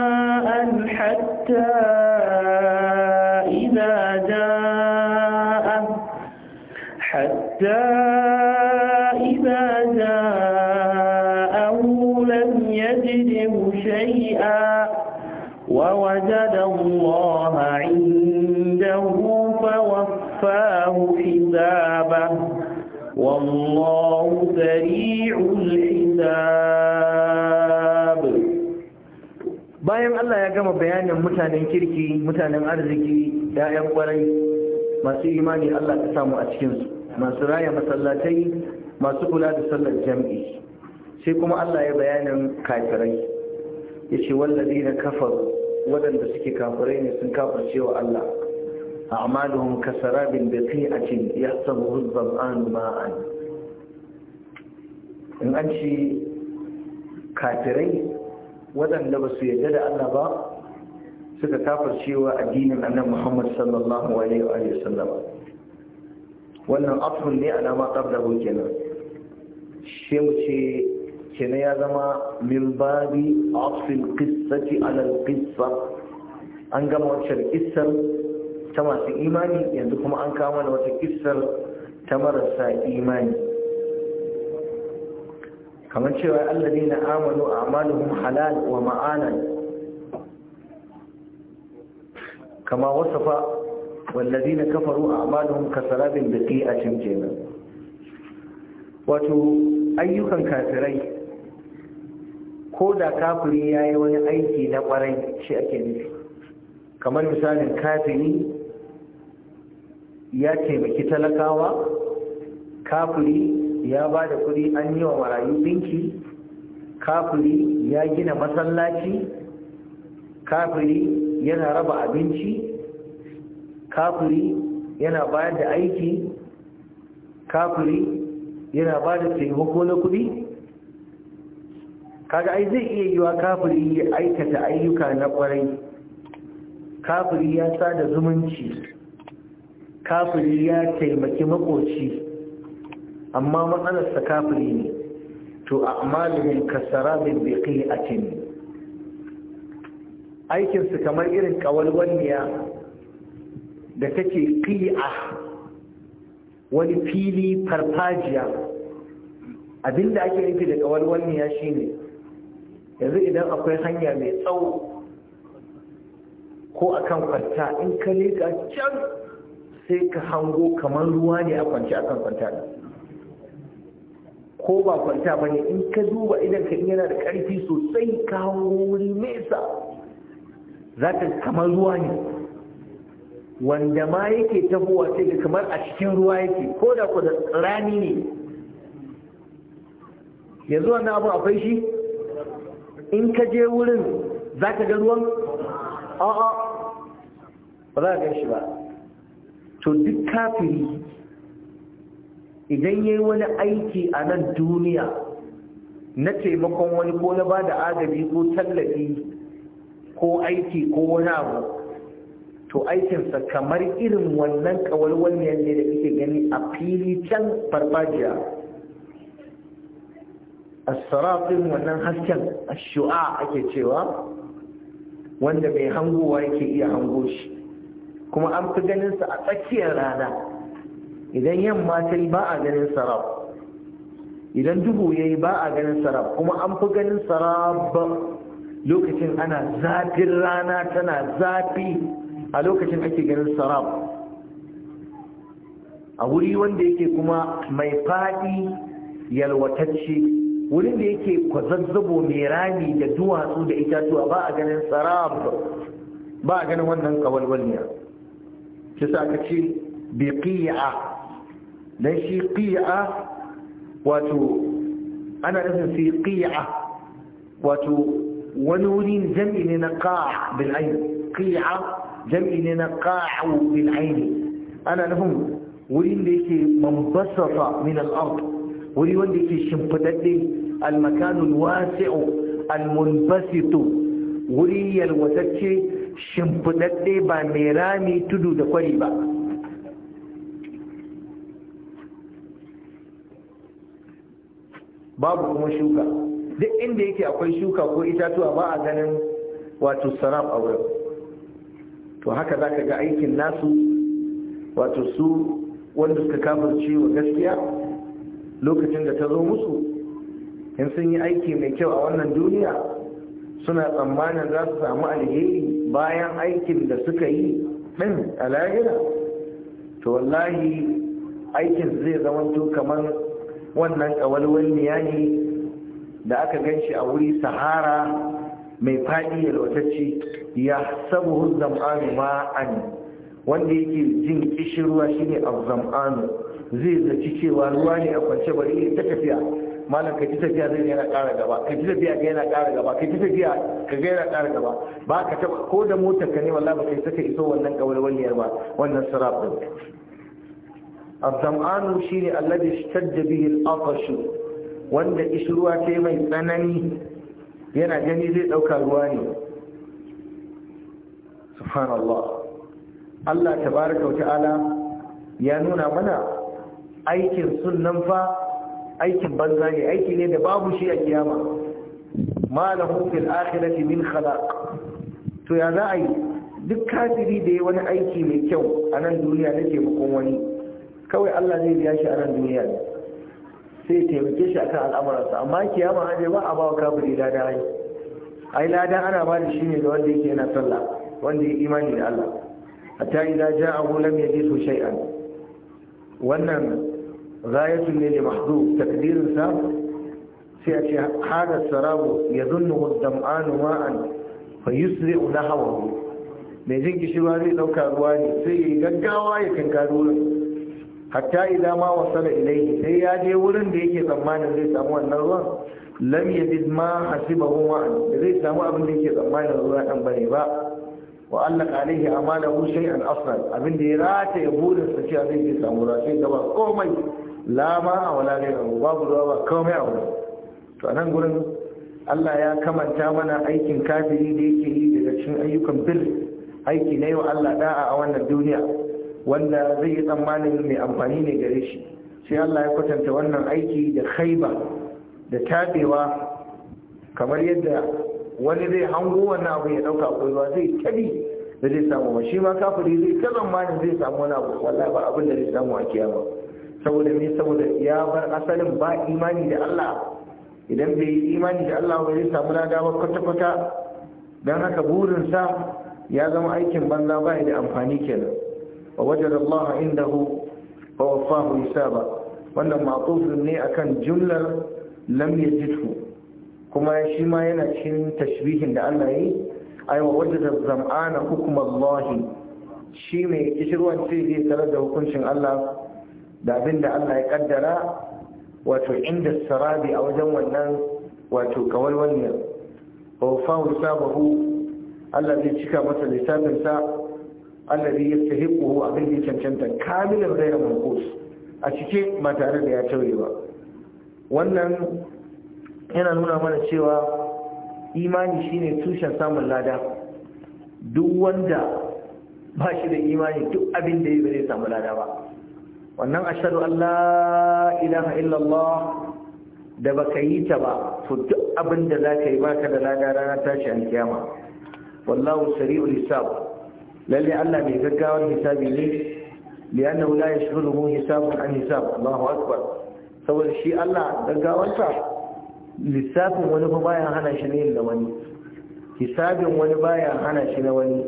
حتى إذا جاءه لم يجده شيئا ووجد الله عنده فوفاه حسابه والله سريع الحساب bayan Allah ya gama bayanin mutanen kirki mutanen arziki 'ya'yan kwarai masu imani Allah ta samu a cikinsu masu raya masallatai masu kula da sallar jam'i sai kuma Allah ya bayanin kafirai ya ce wallazi na kafar waɗanda suke kafirai ne sun kafirce cewa Allah a amaluhun kasarabin da kai a cin ya samu huzban an ma'an in an ce kafirai waɗanda ba su yadda da Allah ba suka kafar cewa addinin annan Muhammad sallallahu alaihi wa sallam wannan afun ne alama qablahu kenan shi mu ce kenan ya zama min babi afsil qissati ala an gama wancan kissar ta masu imani yanzu kuma an kama da wata kisar ta marasa imani kamar cewa alladina amanu a'maluhum halal wa ma'anan kama wasafa a كفروا أعمالهم كسراب a جينا wato ayyukan kafirai ko da kafiri ya yi wani aiki na kwarai shi ake nufi kamar misalin kafiri ya taimaki talakawa kafiri ya ba da kuɗi an yi wa marayu dinki kafiri ya gina masallaci kafiri yana raba abinci kafiri yana bayar da aiki kafiri yana ba da taimako na kuɗi kaga ai zai iya yiwa kafiri ya aikata ayyuka na kwarai. kafiri ya sa da zumunci kafiri ya taimaki makoci amma matsalarsa kafiri ne to a amalin kasara bin biƙi a aikinsu kamar irin ƙawalwalniya da take qi'a wani fili farfajiya abinda ake nufi da ƙawalwanniya ya shine. yanzu idan akwai hanya mai tsawo ko akan kwanta in ka leka can sai ka hango kamar ruwa ne a kwanci akan kwanta ko ba kwanta ba ne in ka duba idan ka yana da ƙarfi sosai ka hango wuri nesa za ka kamar ruwa ne wanda ma yake tafowa sai da kamar a cikin ruwa yake ko da ku da rani ne yanzu wannan abu akwai shi in ka je wurin za ka ga ruwan a'a ba za ka shi ba to duk kafiri idan yayi wani aiki a nan duniya na taimakon wani ko na ba da agaji ko tallafi ko aiki ko wani abu to aikinsa kamar irin wannan kawalwal ne da kake gani a fili can farfajiya a sarafin wannan hasken a shu'a ake cewa wanda mai hangowa yake iya hango shi kuma an fi ganinsa a tsakiyar rana idan yamma ta yi ba a ganin saraf idan duhu ya yi ba a ganin saraf kuma an fi ganin saraf lokacin ana zafin rana tana zafi a lokacin ake ganin sarab a wuri wanda yake kuma mai faɗi yalwatacce wurin da yake kwazazzabo mai rami da duwatsu da itatuwa ba a ganin sarab ba a ganin wannan kawalwaliya shi sa aka ce bi qi'a dan shi qi'a wato ana nufin fi qi'a wato wani wurin jam'i ne na qa' bil ayn qi'a jam'i ne na qa'u bil aini ana nufin wurin da yake mambasafa min al-ard wuri wanda yake shimfidadde al-makanu al-wasi'u al-munbasitu wuri yalwatacce shimfidadde ba mai rami tudu da kwari ba babu kuma shuka duk inda yake akwai shuka ko itatuwa ba a ganin wato sarab a wurin to haka za ka ga aikin nasu wato su wanda suka kafirce wa gaskiya lokacin da ta zo musu in sun yi aiki mai kyau a wannan duniya suna tsammanin za su samu alheri bayan aikin da suka yi ɗin a lahira to wallahi aikin zai zamanto kamar wannan ƙawalwal ne da aka gan shi a wuri sahara mai faɗi yalwatacci ya sabu zam'anu ma'an wanda yake jin kishirwa shine ab-zam'anu zai zaci cewa ruwa ne a kwance bari ta tafiya malam ka ji tafiya zai yana ƙara gaba ka ji tafiya ga yana ƙara gaba ka ji tafiya ka ga yana ƙara gaba ba ka taba ko da motar ka ne wallahi ba kai saka iso wannan kawalwaliyar ba wannan sarab din azzam'anu shine alladhi ishtadda al-atashu wanda ishruwa ta mai tsanani yana gani zai ɗauka ruwa ne subhanallah Allah tabaraka wata'ala ya nuna mana aikin sunnan fa aikin banza ne aiki ne da babu shi a kiyama ma lahu fil akhirati min khalaq to ya za a yi duk kafiri da ya wani aiki mai kyau a nan duniya na taimakon wani kawai Allah zai biya shi a nan duniya ne sai taimake shi akan al'amuransa amma kiyama hajji ba a ba wa kafiri lada A ai lada ana ba da shi ne ga wanda yake yana sallah wanda ya imani da Allah A hatta idza abu lam yajidu shay'an wannan ghayatun ne ne takdirin sa sai a ce hada sarabu ya yadhunnu dam'anu ma'an fa yusri'u nahawahu mai jin kishirwa zai ɗauka ruwa ne sai ya yi gaggawa ya kankaro hatta idan ma wasala ilaihi sai ya je wurin da yake tsammanin zai samu wannan ruwan lam yajid ma hasibahu ma zai samu abin da yake tsammanin ruwa dan bane ba wa allaka alaihi amalahu shay'an aslan abin da ya rata ya burin sa cewa zai samu ruwa sai gaba komai la a wala ne babu ruwa ba komai a wurin to nan gurin Allah ya kamanta mana aikin kafiri da yake yi daga cikin ayyukan bil aiki ne wa Allah da'a a wannan duniya wanda zai yi tsammanin mai amfani ne gare shi sai Allah ya kwatanta wannan aiki da khaiba da tabewa kamar yadda wani zai hango wannan abu ya dauka koyuwa zai tabi da zai samu ba shi ma kafiri zai ta tsammanin zai samu wani abu wallahi ba abin da zai samu a kiyama saboda me saboda ya bar asalin ba imani da Allah idan bai yi imani da Allah ba zai samu lada ba kwata-kwata don haka burinsa ya zama aikin banza ba da amfani kenan ووجد الله عنده فوفاه حسابا wannan matufin ne akan jumlar lam yajidhu kuma shi ma yana cikin tashbihin da Allah yi ai wa wajada zam'ana hukm Allah shi ne kishirwan sai zai tare da hukuncin Allah da abinda Allah ya kaddara wato inda sarabi a wajen wannan wato kawalwaliyar wa fa sabahu Allah zai cika masa lissafinsa alladhi yastahiquhu abin da cancanta kamilan ghayra manqus a cike ba tare da ya tauye ba wannan yana nuna mana cewa imani shine tushen samun lada duk wanda ba shi da imani duk abin da yi ba samu lada ba wannan ashadu Allah ilaha illallah da baka yi ta ba to duk abin da za ka yi baka da lada rana tashi an kiyama wallahu sari'ul hisab lalle Allah mai gaggawar hisabi ne liyanna la yashghaluhu hisabun an hisab Allahu akbar saboda shi Allah gaggawarsa lissafin wani fa baya hana shi ne da wani hisabin wani baya hana shi na wani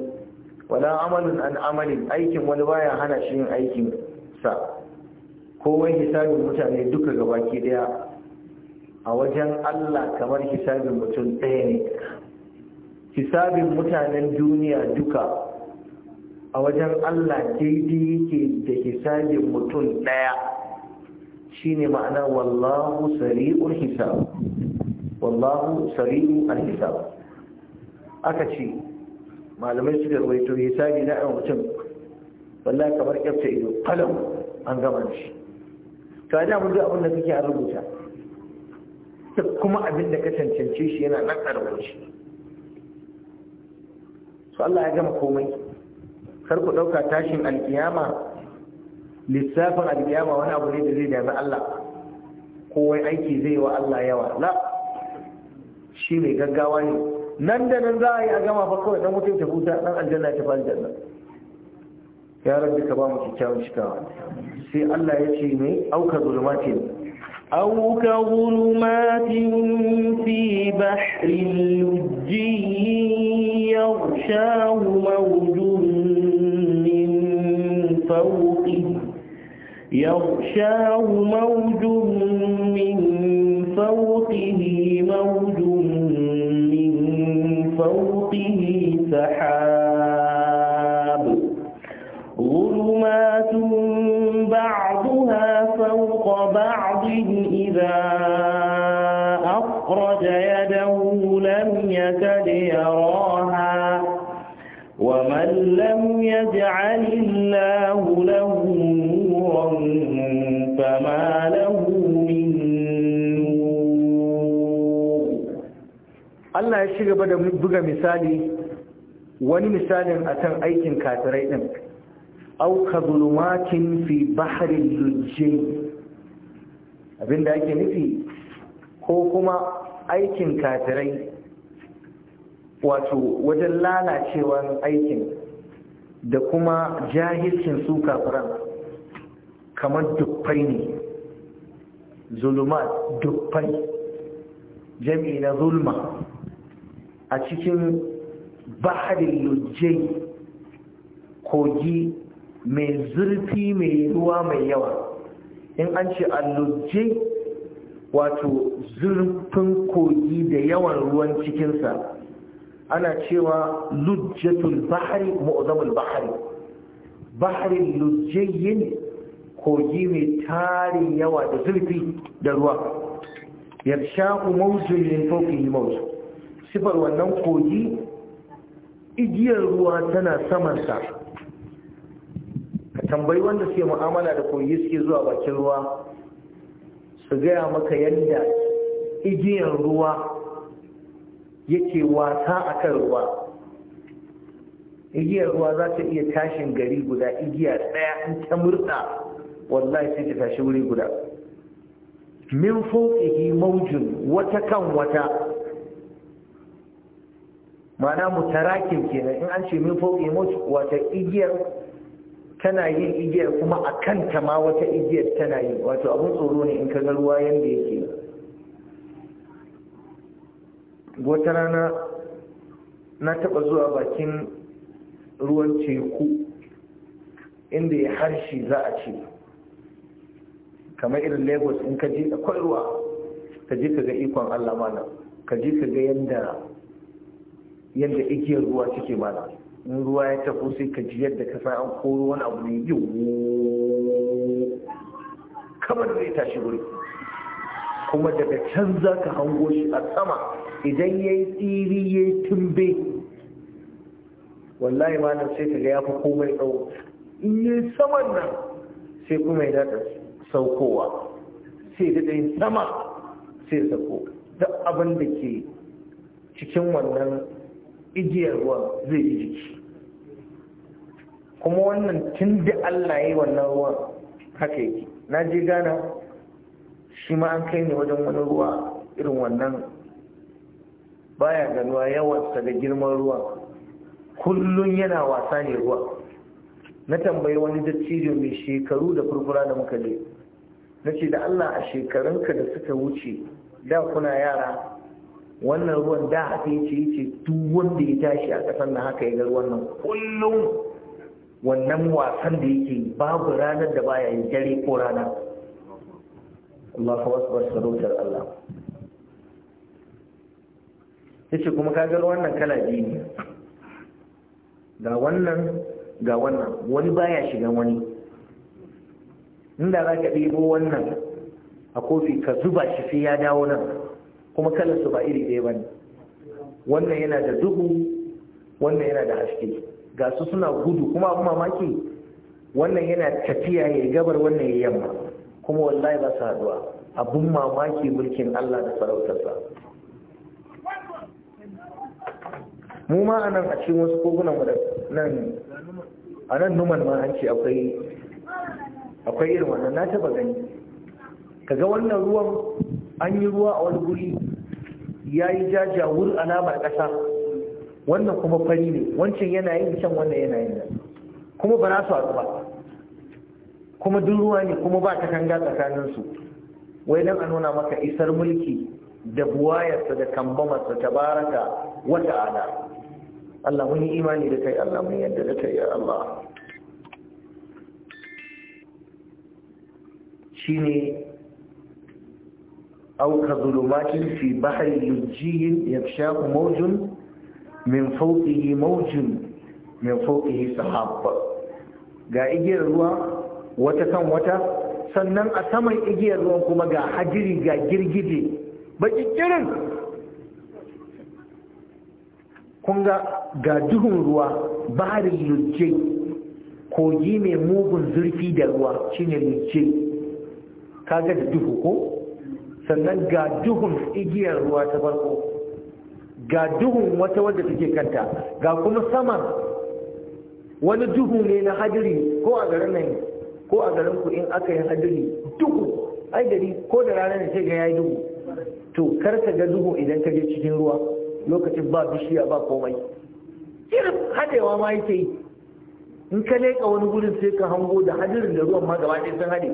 wala amalun an amalin aikin wani baya hana shi yin aikin sa kowai hisabin mutane duka gabaki daya a wajen Allah kamar hisabin mutum ɗaya ne hisabin mutanen duniya duka a wajen Allah daidai yake da hisabin mutum ɗaya shine ma'ana wallahu sari'ul hisab wallahu sari'ul hisab aka ce malamai suka rubaito hisabi na ɗan mutum wallahi kamar kyafta ido kalam an gama shi to a da mun ga abin da kake a rubuta kuma abin da ka cancance shi yana nan a rubuce so Allah ya gama komai kar ku ɗauka tashin alkiyama lissafin alkiyama wani abu ne da zai dami Allah kowai aiki zai yi wa Allah yawa la shi mai gaggawa ne nan da nan za a yi a gama fa kawai dan mutum ta huta dan aljanna ta fara janna ya rabbi ka ba mu kikkiawan cikawa sai Allah ya ce mai auka zulmatin أو كظلمات في بحر لجي يغشاه موج فوقه يغشاه موج من فوقه موج من فوقه سحاب ظلمات بعضها فوق بعض إذا أخرج يده لم يكد يراها ومن لم يجعل Allah ya ci gaba da buga misali wani misalin a kan aikin kafirai ɗin auka ka zulumatin fi baharin lujjai abinda ake nufi ko kuma aikin kafirai wato wajen lalacewar aikin da kuma jahilcin su kafiran kamar dubbai ne zulumat dubbai jami'i na zulma a cikin baharin lujjai kogi mai zurfi mai ruwa mai yawa in an ce lujjai wato zurfin kogi da yawan ruwan cikinsa ana cewa lujjatul bahari mu'zamul bahari baharin lujjayyin kogi mai tarin yawa da zurfi da ruwa yarsha maujin min yi mawjin sifar wannan kogi igiyar ruwa tana samansa ka tambayi wanda suke mu'amala da kogi suke zuwa bakin ruwa su gaya maka yadda igiyar ruwa yake wasa a kan ruwa igiyar ruwa za ta iya tashin gari guda igiya ɗaya in ta murɗa wallahi sai ta tashi wuri guda min fauƙihi maujin wata kan wata ma'ana mutarakin kenan in an ce min fauki mut wata igiyar tana yin igiyar kuma a kanta ma wata igiyar tana yi wato abin tsoro ne in ka ga ruwa yadda yake wata rana na taɓa zuwa bakin ruwan teku inda ya harshe za a ce kamar irin lagos in ka je akwai ruwa ka je ka ga ikon allah mana ka je ka ga yadda yadda igiyar ruwa take mana in ruwa ya tafi sai ka ji yadda ka sa an koro wani abu ne yi kamar zai tashi wuri kuma daga can za ka hango shi a sama idan ya yi tsiri ya yi tumbe wallahi ma sai ka ga ya fi komai tsawo in yi saman nan sai kuma ya daɗa saukowa sai daɗa sama sai sauko duk abin da ke cikin wannan igiyar ruwa zai yi jiki kuma wannan tun da allah ya yi wannan ruwan haka yake na je gana shi ma an kai ne wajen wani ruwa irin wannan baya ganuwa yawansa da girman ruwa kullum yana wasa ne ruwa na tambayi wani dattijo mai shekaru da furfura da muka je na ce da allah a shekarunka da suka wuce da kuna yara wannan ruwan da haka ce yace duk wanda ya tashi a ƙasar na haka ya ga ruwan kullum wannan wasan da yake babu ranar da baya yin dare ko rana Allahu akbar sarautar Allah yace kuma ka ga ruwan nan kala biyu ga wannan ga wannan wani baya shiga wani inda za ka ɗebo wannan a kofi ka zuba shi sai ya dawo nan kuma kalar su ba iri ɗaya ba ne. wannan yana da duhu wannan yana da haske ga su suna gudu kuma abu mamaki wannan yana tafiya ya gabar wannan ya yamma kuma wallahi ba su haɗuwa abun mamaki mulkin Allah da sarautarsa mu ma anan a cikin wasu kogunan nan a nan numan ma an ce akwai akwai irin wannan na taba gani kaga wannan ruwan an yi ruwa a wani guri ya yi jajawur alamar ƙasa wannan kuma fari ne wancan yana yin can wannan yana yin kuma ba na su haɗu ba kuma duk ruwa ne kuma ba katanga tsakaninsu wai nan a nuna maka isar mulki da buwayarsa da kambamarsa ta baraka wata ana Allah mun yi imani da kai Allah mun yadda da kai ya Allah shine أو كظلمات في بحر لجي يغشاه موج من فوقه موج من فوقه سحاب ga igiyar ruwa wata kan wata sannan a saman igiyar ruwan kuma ga hajiri ga girgije bakikirin kun ga ga duhun ruwa bahari lujje kogi mai mugun zurfi da ruwa shine lujje Ka da duhu ko sannan ga duhun igiyar ruwa ta farko ga duhun wata wadda take kanta ga kuma sama wani duhu ne na hadiri ko a garin nan ko a garin ku in aka yi hadiri duhu ai gari ko da ranar sai ga yayi duhu to kar ka ga duhu idan ka je cikin ruwa lokacin ba bishiya ba komai irin hadewa ma yake yi in ka leƙa wani gurin sai ka hango da hadirin da ruwan ma gaba ɗaya sun hade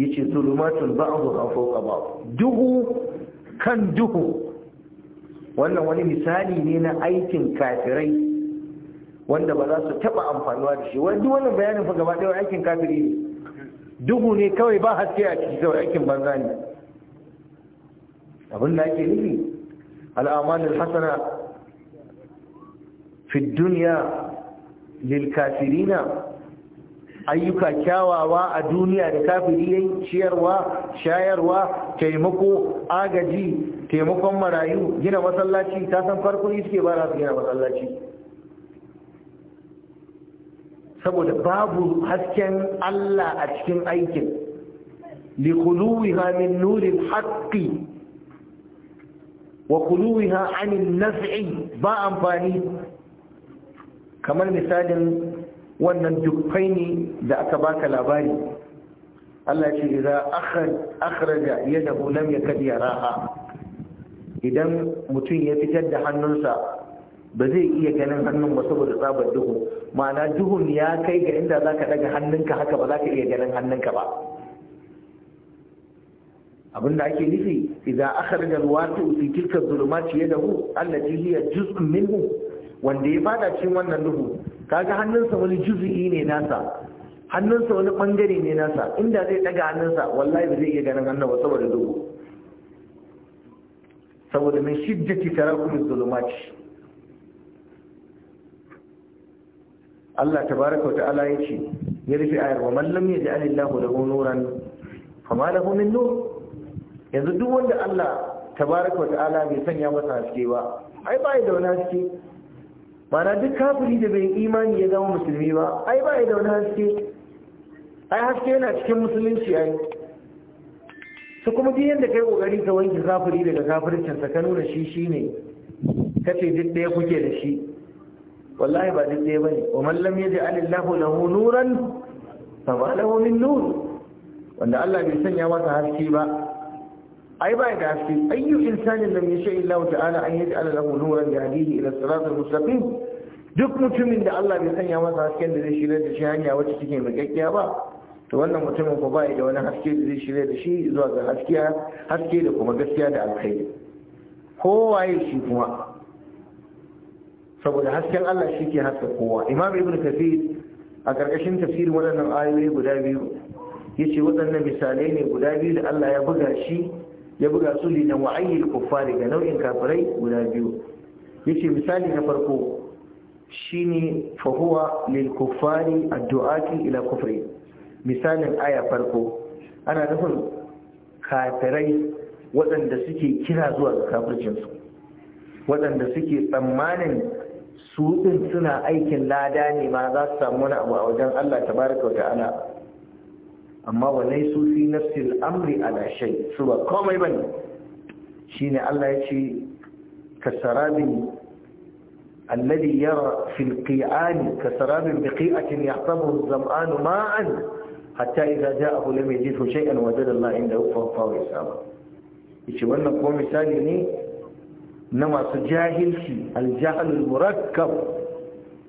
yace zulumatun ba'dha fawqa ba'd duhu kan duhu wannan wani misali ne na aikin kafirai wanda ba za su taba amfanuwa da shi wani wannan bayanin fa gaba ɗaya aikin kafiri ne duhu ne kawai ba haske a cikin kawai aikin banza ne abin da ake nufi al'amalin hasana fi duniya lil kafirina ayyuka kyawawa a duniya da kafiri yayi ciyarwa shayarwa taimako agaji taimakon marayu gina masallaci ta san farko suke ba za su gina masallaci saboda babu hasken Allah a cikin aikin li khuluwiha min nuril haqqi wa khuluwiha 'anil naf'i ba amfani kamar misalin wannan dukkai ne da aka baka labari Allah ce idan akhraja yadahu lam yakad raha. idan mutum ya fitar da hannunsa ba zai iya ganin hannun ba saboda tsabar duhu ma'ana duhun ya kai ga inda za ka daga hannunka haka ba za zaka iya ganin hannunka ba abinda ake nufi idan akhraja alwatu fi tilka dhulumat yadahu allati hiya juz'un minhu wanda ya fada cikin wannan duhu kaga hannunsa wani juzu'i ne nasa hannunsa wani bangare ne nasa inda zai daga hannunsa wallahi ba zai iya ganin hannun saboda duhu saboda min shiddati tarakum zulumat Allah tabaraka wa ta'ala yace ya rufe ayar wa man lam yaj'al Allahu lahu nuran fama lahu min nur yanzu duk wanda Allah tabaraka wa ta'ala bai sanya masa haske ba ai bai da wani haske mana duk kafiri da bai imani ya zama musulmi ba ai ba ya da wani haske ai haske yana cikin musulunci ai su kuma duk yadda kai kokari ka wanke kafiri daga kafircin sa ka nuna shi shi Ka kace duk ɗaya kuke da shi wallahi ba duk ɗaya bane wa man lam yaj'al Alillahu lahu nuran fa ma lahu min nur wanda Allah bai sanya masa haske ba ai ba da haske ayyu insanin lam yasha illahu ta'ala an yaj'ala lahu nuran yahdihi ila siratal mustaqim duk mutumin da Allah bai sanya masa hasken da zai shirya da shi hanya wacce take miƙaƙƙiya ba to wannan mutumin ko ba da wani haske da zai shirya da shi zuwa ga haskiya haske da kuma gaskiya da alkhairi kowaye shi kuma saboda hasken Allah shi ke haska kowa imam ibn kafir a ƙarƙashin tafsirin waɗannan ayoyi guda biyu ya ce waɗannan misalai ne guda biyu da Allah ya buga shi ya buga su na wa'ayyil kuffari ga nau'in kafirai guda biyu yace misali na farko shine fa huwa lil kuffari addu'ati ila kufri misalin aya farko ana nufin kafirai waɗanda suke kira zuwa ga kafircinsu waɗanda suke tsammanin su suna aikin lada ne ma za su samu wani abu a wajen Allah tabaraka wa ta'ala amma wa laisu fi nafsil amri a shay su ba komai Shi ne Allah ya ce kasarabin alladhi yara fi alqi'an kasarabin biqi'atin yahtamu az-zam'anu ma'an hatta abu mai lam yajidhu shay'an wajada Allah indahu fawqa hisaba yace wannan kuma misali ne na masu jahilci al murakkab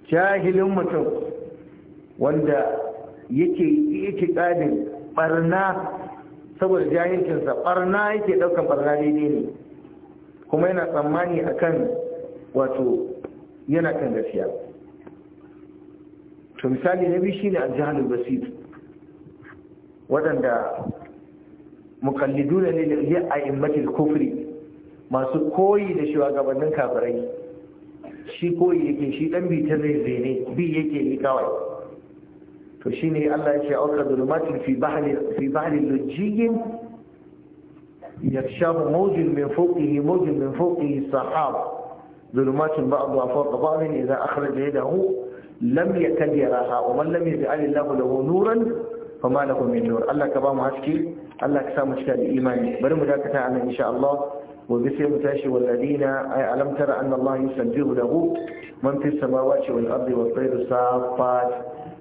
jahilin mutum wanda yake itikadin barna saboda jahilcinsa barna yake daukan barna daidai ne kuma yana tsammani a kan wato yana kan gaskiya to misali na biyu shine al-jahlul basit waɗanda mukallidu ne a a'immatil kufri masu koyi da shi gabanin kafirai shi koyi yake shi dan bitar zai ne bi yake ne kawai to shi ne Allah ya ce auka zulumatin fi bahri fi bahri lujjin yakshabu mawjun min fawqihi mawjun min fawqihi sahab zulumatin ba'dha fawqa ba'dhin idha akhraja yadahu lam yakad yaraha wa man lam yaj'al Allahu lahu nuran fama lahu min nur Allah ka ba mu haske Allah ka sa mu cika da imani bari mu dakata a anan insha Allah وبسي متاشي والذين ألم ترى أن الله يسبه له من في السماوات والأرض والطير صافات